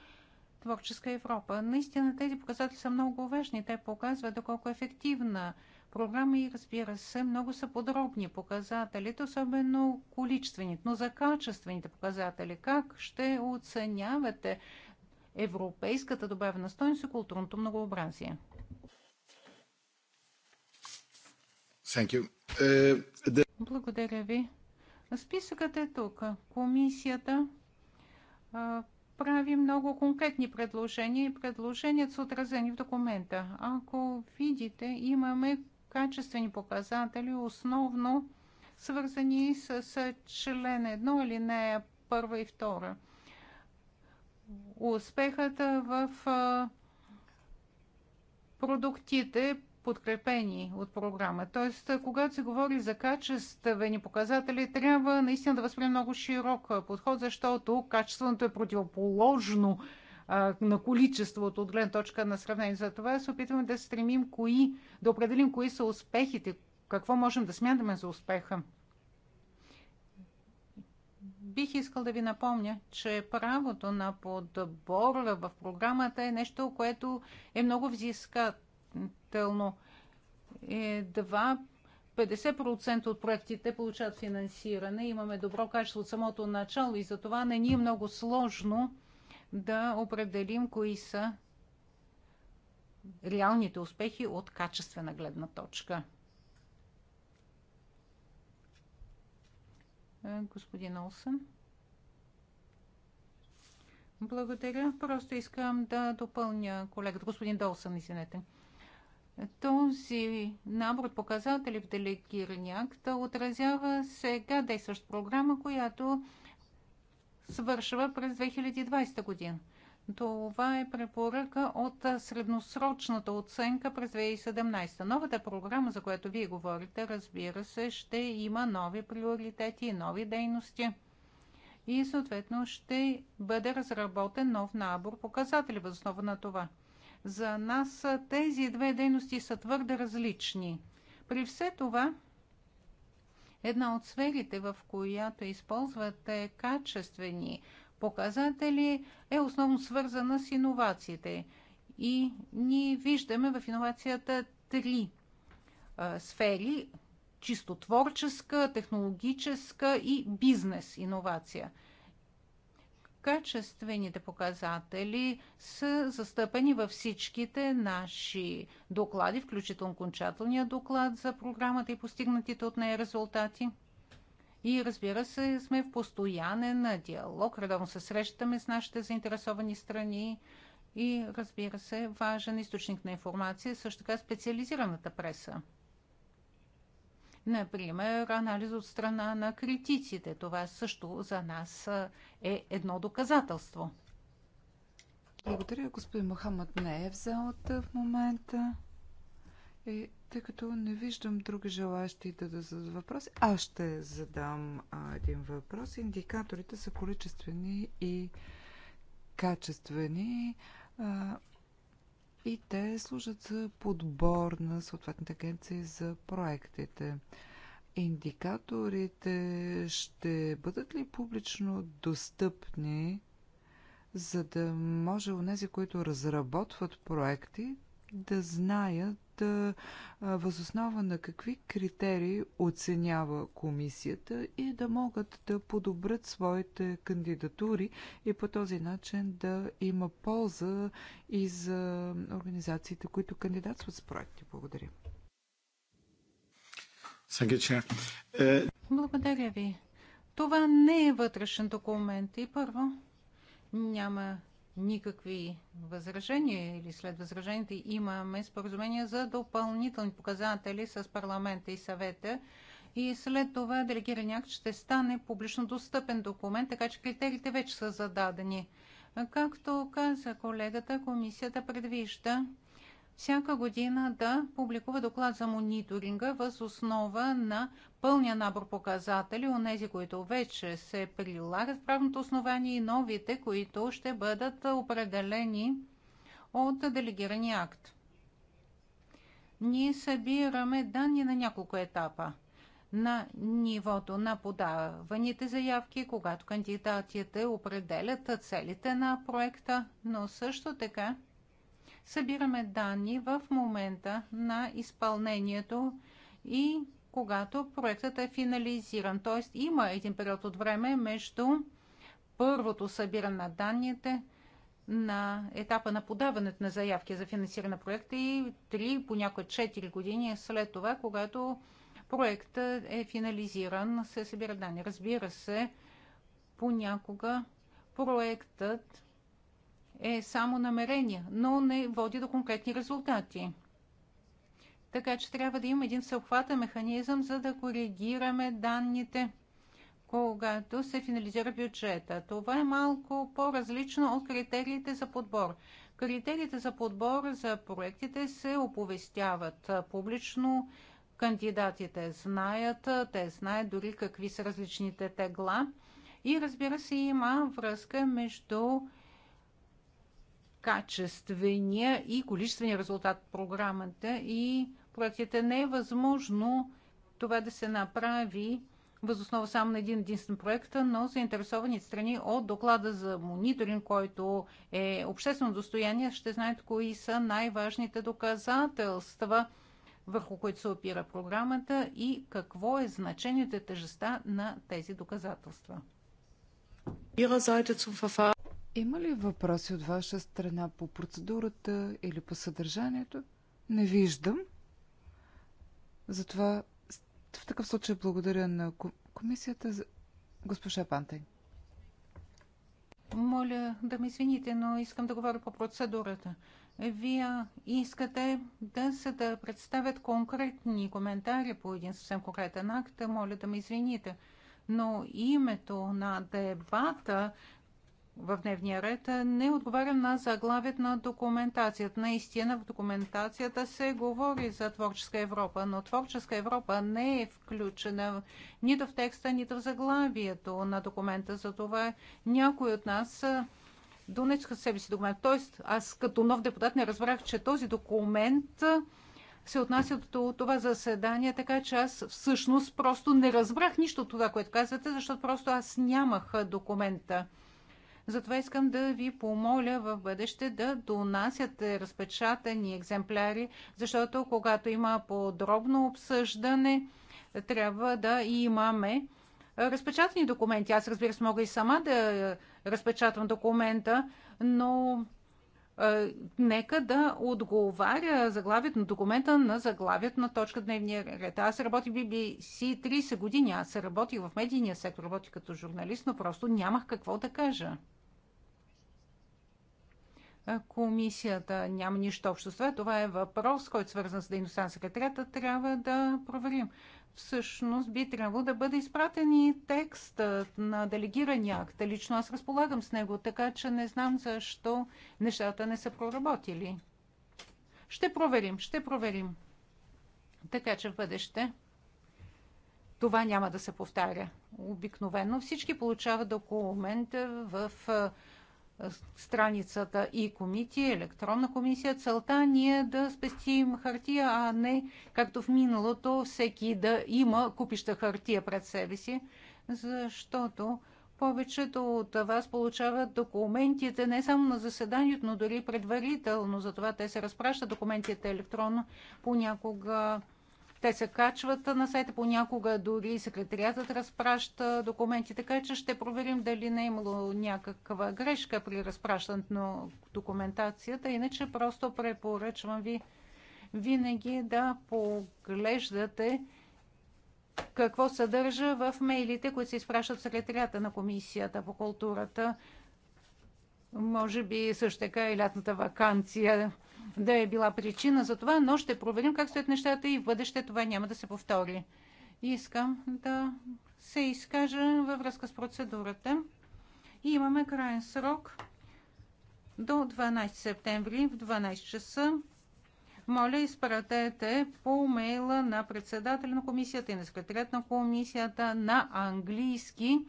Творческа Европа. Наистина тези показатели са много важни. Те показват доколко е ефективна програма и разбира се, много са подробни показателите, особено количествените, но за качествените показатели. Как ще оценявате европейската добавена стойност и културното многообразие? Uh, Благодаря ви. Списъкът е тук. Комисията прави много конкретни предложения и предложенията са отразени в документа. Ако видите, имаме качествени показатели, основно свързани с, член 1 или не 1 и 2. Успехът в продуктите подкрепени от програма. Тоест, когато се говори за качествени показатели, трябва наистина да възприем много широк подход, защото качественото е противоположно а, на количеството от гледна точка на сравнение. Затова се опитваме да стремим кои, да определим кои са успехите, какво можем да смятаме за успеха. Бих искал да ви напомня, че правото на подбор в програмата е нещо, което е много взискат задоволително. Едва 50% от проектите получават финансиране. Имаме добро качество от самото начало и затова не ни е много сложно да определим кои са реалните успехи от качествена гледна точка. Е, господин Олсен. Благодаря. Просто искам да допълня колегата. Господин Долсън, извинете. Този набор от показатели в делегирани акта отразява сега действащ програма, която свършва през 2020 година. Това е препоръка от средносрочната оценка през 2017. Новата програма, за която вие говорите, разбира се, ще има нови приоритети и нови дейности. И съответно ще бъде разработен нов набор показатели възоснова на това. За нас тези две дейности са твърде различни. При все това, една от сферите, в която използвате качествени показатели, е основно свързана с иновациите. И ние виждаме в иновацията три а, сфери чисто творческа, технологическа и бизнес иновация – качествените показатели са застъпени във всичките наши доклади, включително окончателния доклад за програмата и постигнатите от нея резултати. И разбира се, сме в постоянен диалог, редовно се срещаме с нашите заинтересовани страни и разбира се, важен източник на информация е също така специализираната преса. Например, анализ от страна на критиците. Това също за нас е едно доказателство. Благодаря, господин Мохамед не е в залата в момента. И тъй като не виждам други желащи да, да зададат въпроси, аз ще задам а, един въпрос. Индикаторите са количествени и качествени. А, и те служат за подбор на съответните агенции за проектите. Индикаторите ще бъдат ли публично достъпни, за да може у нези, които разработват проекти, да знаят а, възоснова на какви критерии оценява комисията и да могат да подобрят своите кандидатури и по този начин да има полза и за организациите, които кандидатстват с проекти. Благодаря. Е, Благодаря ви. Това не е вътрешен документ и първо няма никакви възражения или след възраженията имаме споразумение за допълнителни показатели с парламента и съвета и след това делегиран акт ще стане публично достъпен документ, така че критериите вече са зададени. Както каза колегата, комисията предвижда всяка година да публикува доклад за мониторинга въз основа на пълния набор показатели, от тези, които вече се прилагат в правното основание и новите, които ще бъдат определени от делегирания акт. Ние събираме данни на няколко етапа на нивото на подаваните заявки, когато кандидатите определят целите на проекта, но също така събираме данни в момента на изпълнението и когато проектът е финализиран. Т.е. има един период от време между първото събиране на данните на етапа на подаването на заявки за финансиране на проекта и 3, понякога 4 години след това, когато проектът е финализиран, се събира данни. Разбира се, понякога проектът е само намерение, но не води до конкретни резултати. Така че трябва да има един съобхватен механизъм, за да коригираме данните, когато се финализира бюджета. Това е малко по-различно от критериите за подбор. Критериите за подбор за проектите се оповестяват публично. Кандидатите знаят, те знаят дори какви са различните тегла. И разбира се, има връзка между качествения и количествения резултат в програмата и проектите. Не е възможно това да се направи възоснова само на един единствен проект, но заинтересованите страни от доклада за мониторинг, който е обществено достояние, ще знаят кои са най-важните доказателства, върху които се опира програмата и какво е значението и тежестта на тези доказателства. Има ли въпроси от ваша страна по процедурата или по съдържанието? Не виждам. Затова в такъв случай благодаря на комисията за госпожа Пантей. Моля да ме извините, но искам да говоря по процедурата. Вие искате да се да представят конкретни коментари по един съвсем конкретен акт. Моля да ме извините. Но името на дебата в дневния ред не отговаря на заглавят на документацията. Наистина в документацията се говори за творческа Европа, но творческа Европа не е включена нито в текста, нито в заглавието на документа. Затова някой от нас донечка себе си документ. Тоест, аз като нов депутат не разбрах, че този документ се отнася до това заседание, така че аз всъщност просто не разбрах нищо от това, което казвате, защото просто аз нямах документа. Затова искам да ви помоля в бъдеще да донасяте разпечатани екземпляри, защото когато има подробно обсъждане, трябва да имаме разпечатани документи. Аз разбира се мога и сама да разпечатвам документа, но нека да отговаря заглавият на документа на заглавият на точка дневния ред. Аз работих в BBC 30 години, аз работих в медийния сектор, работих като журналист, но просто нямах какво да кажа комисията няма нищо общо с това. Това е въпрос, който е свързан с дейността на секретарята. Трябва да проверим. Всъщност би трябвало да бъде изпратен и текстът на делегирания акт. Лично аз разполагам с него, така че не знам защо нещата не са проработили. Ще проверим, ще проверим. Така че в бъдеще това няма да се повтаря. Обикновено всички получават документ в страницата и комити, електронна комисия. Целта ни е да спестим хартия, а не както в миналото всеки да има купища хартия пред себе си, защото повечето от вас получават документите не само на заседанието, но дори предварително. Затова те се разпращат документите електронно. Понякога те се качват на сайта, понякога дори секретариатът разпраща документи, така че ще проверим дали не е имало някаква грешка при разпращането на документацията. Иначе просто препоръчвам ви винаги да поглеждате какво съдържа в мейлите, които се изпращат в секретарията на Комисията по културата. Може би също така и е лятната вакансия да е била причина за това, но ще проверим как стоят нещата и в бъдеще това няма да се повтори. Искам да се изкажа във връзка с процедурата. И имаме крайен срок до 12 септември в 12 часа. Моля, изпратете по мейла на председателя на комисията и на секретарят на комисията на английски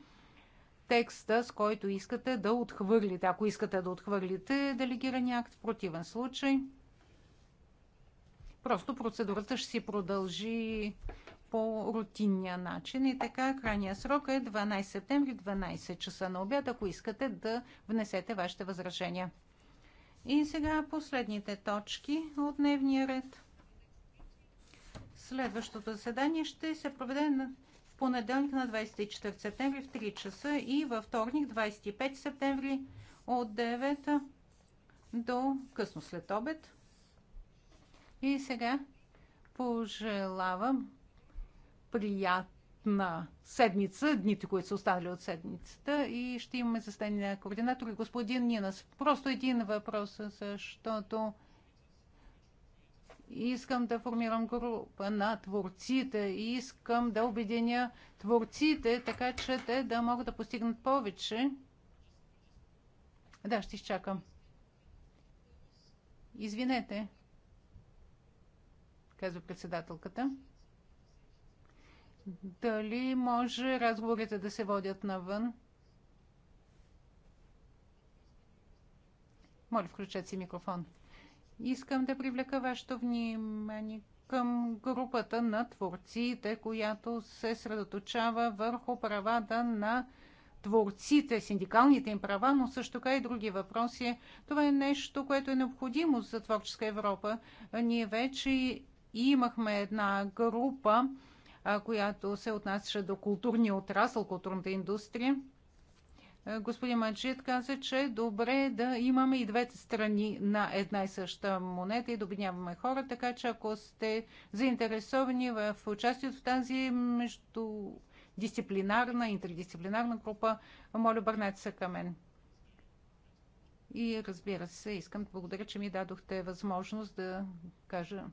текста, с който искате да отхвърлите. Ако искате да отхвърлите делегирания акт, в противен случай, просто процедурата ще си продължи по рутинния начин. И така, крайния срок е 12 септември, 12 часа на обяд, ако искате да внесете вашите възражения. И сега последните точки от дневния ред. Следващото заседание ще се проведе на понеделник на 24 септември в 3 часа и във вторник 25 септември от 9 до късно след обед. И сега пожелавам приятна седмица, дните, които са останали от седмицата и ще имаме застане на координатори. Господин Нинас, просто един въпрос, защото искам да формирам група на творците и искам да обединя творците, така че те да могат да постигнат повече. Да, ще изчакам. Извинете, казва председателката. Дали може разговорите да се водят навън? Моля, включете си микрофон. Искам да привлека вашето внимание към групата на творците, която се средоточава върху правата на творците, синдикалните им права, но също така и други въпроси. Това е нещо, което е необходимо за творческа Европа. Ние вече имахме една група, която се отнасяше до културния отрасъл, културната индустрия господин Маджид каза, че е добре да имаме и двете страни на една и съща монета и да обединяваме хора, така че ако сте заинтересовани в участието в тази между дисциплинарна, интердисциплинарна група, моля обърнете се към мен. И разбира се, искам да благодаря, че ми дадохте възможност да кажа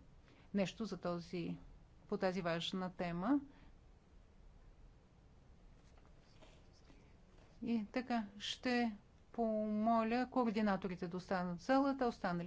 нещо за този, по тази важна тема. И така ще помоля координаторите да останат в залата, останали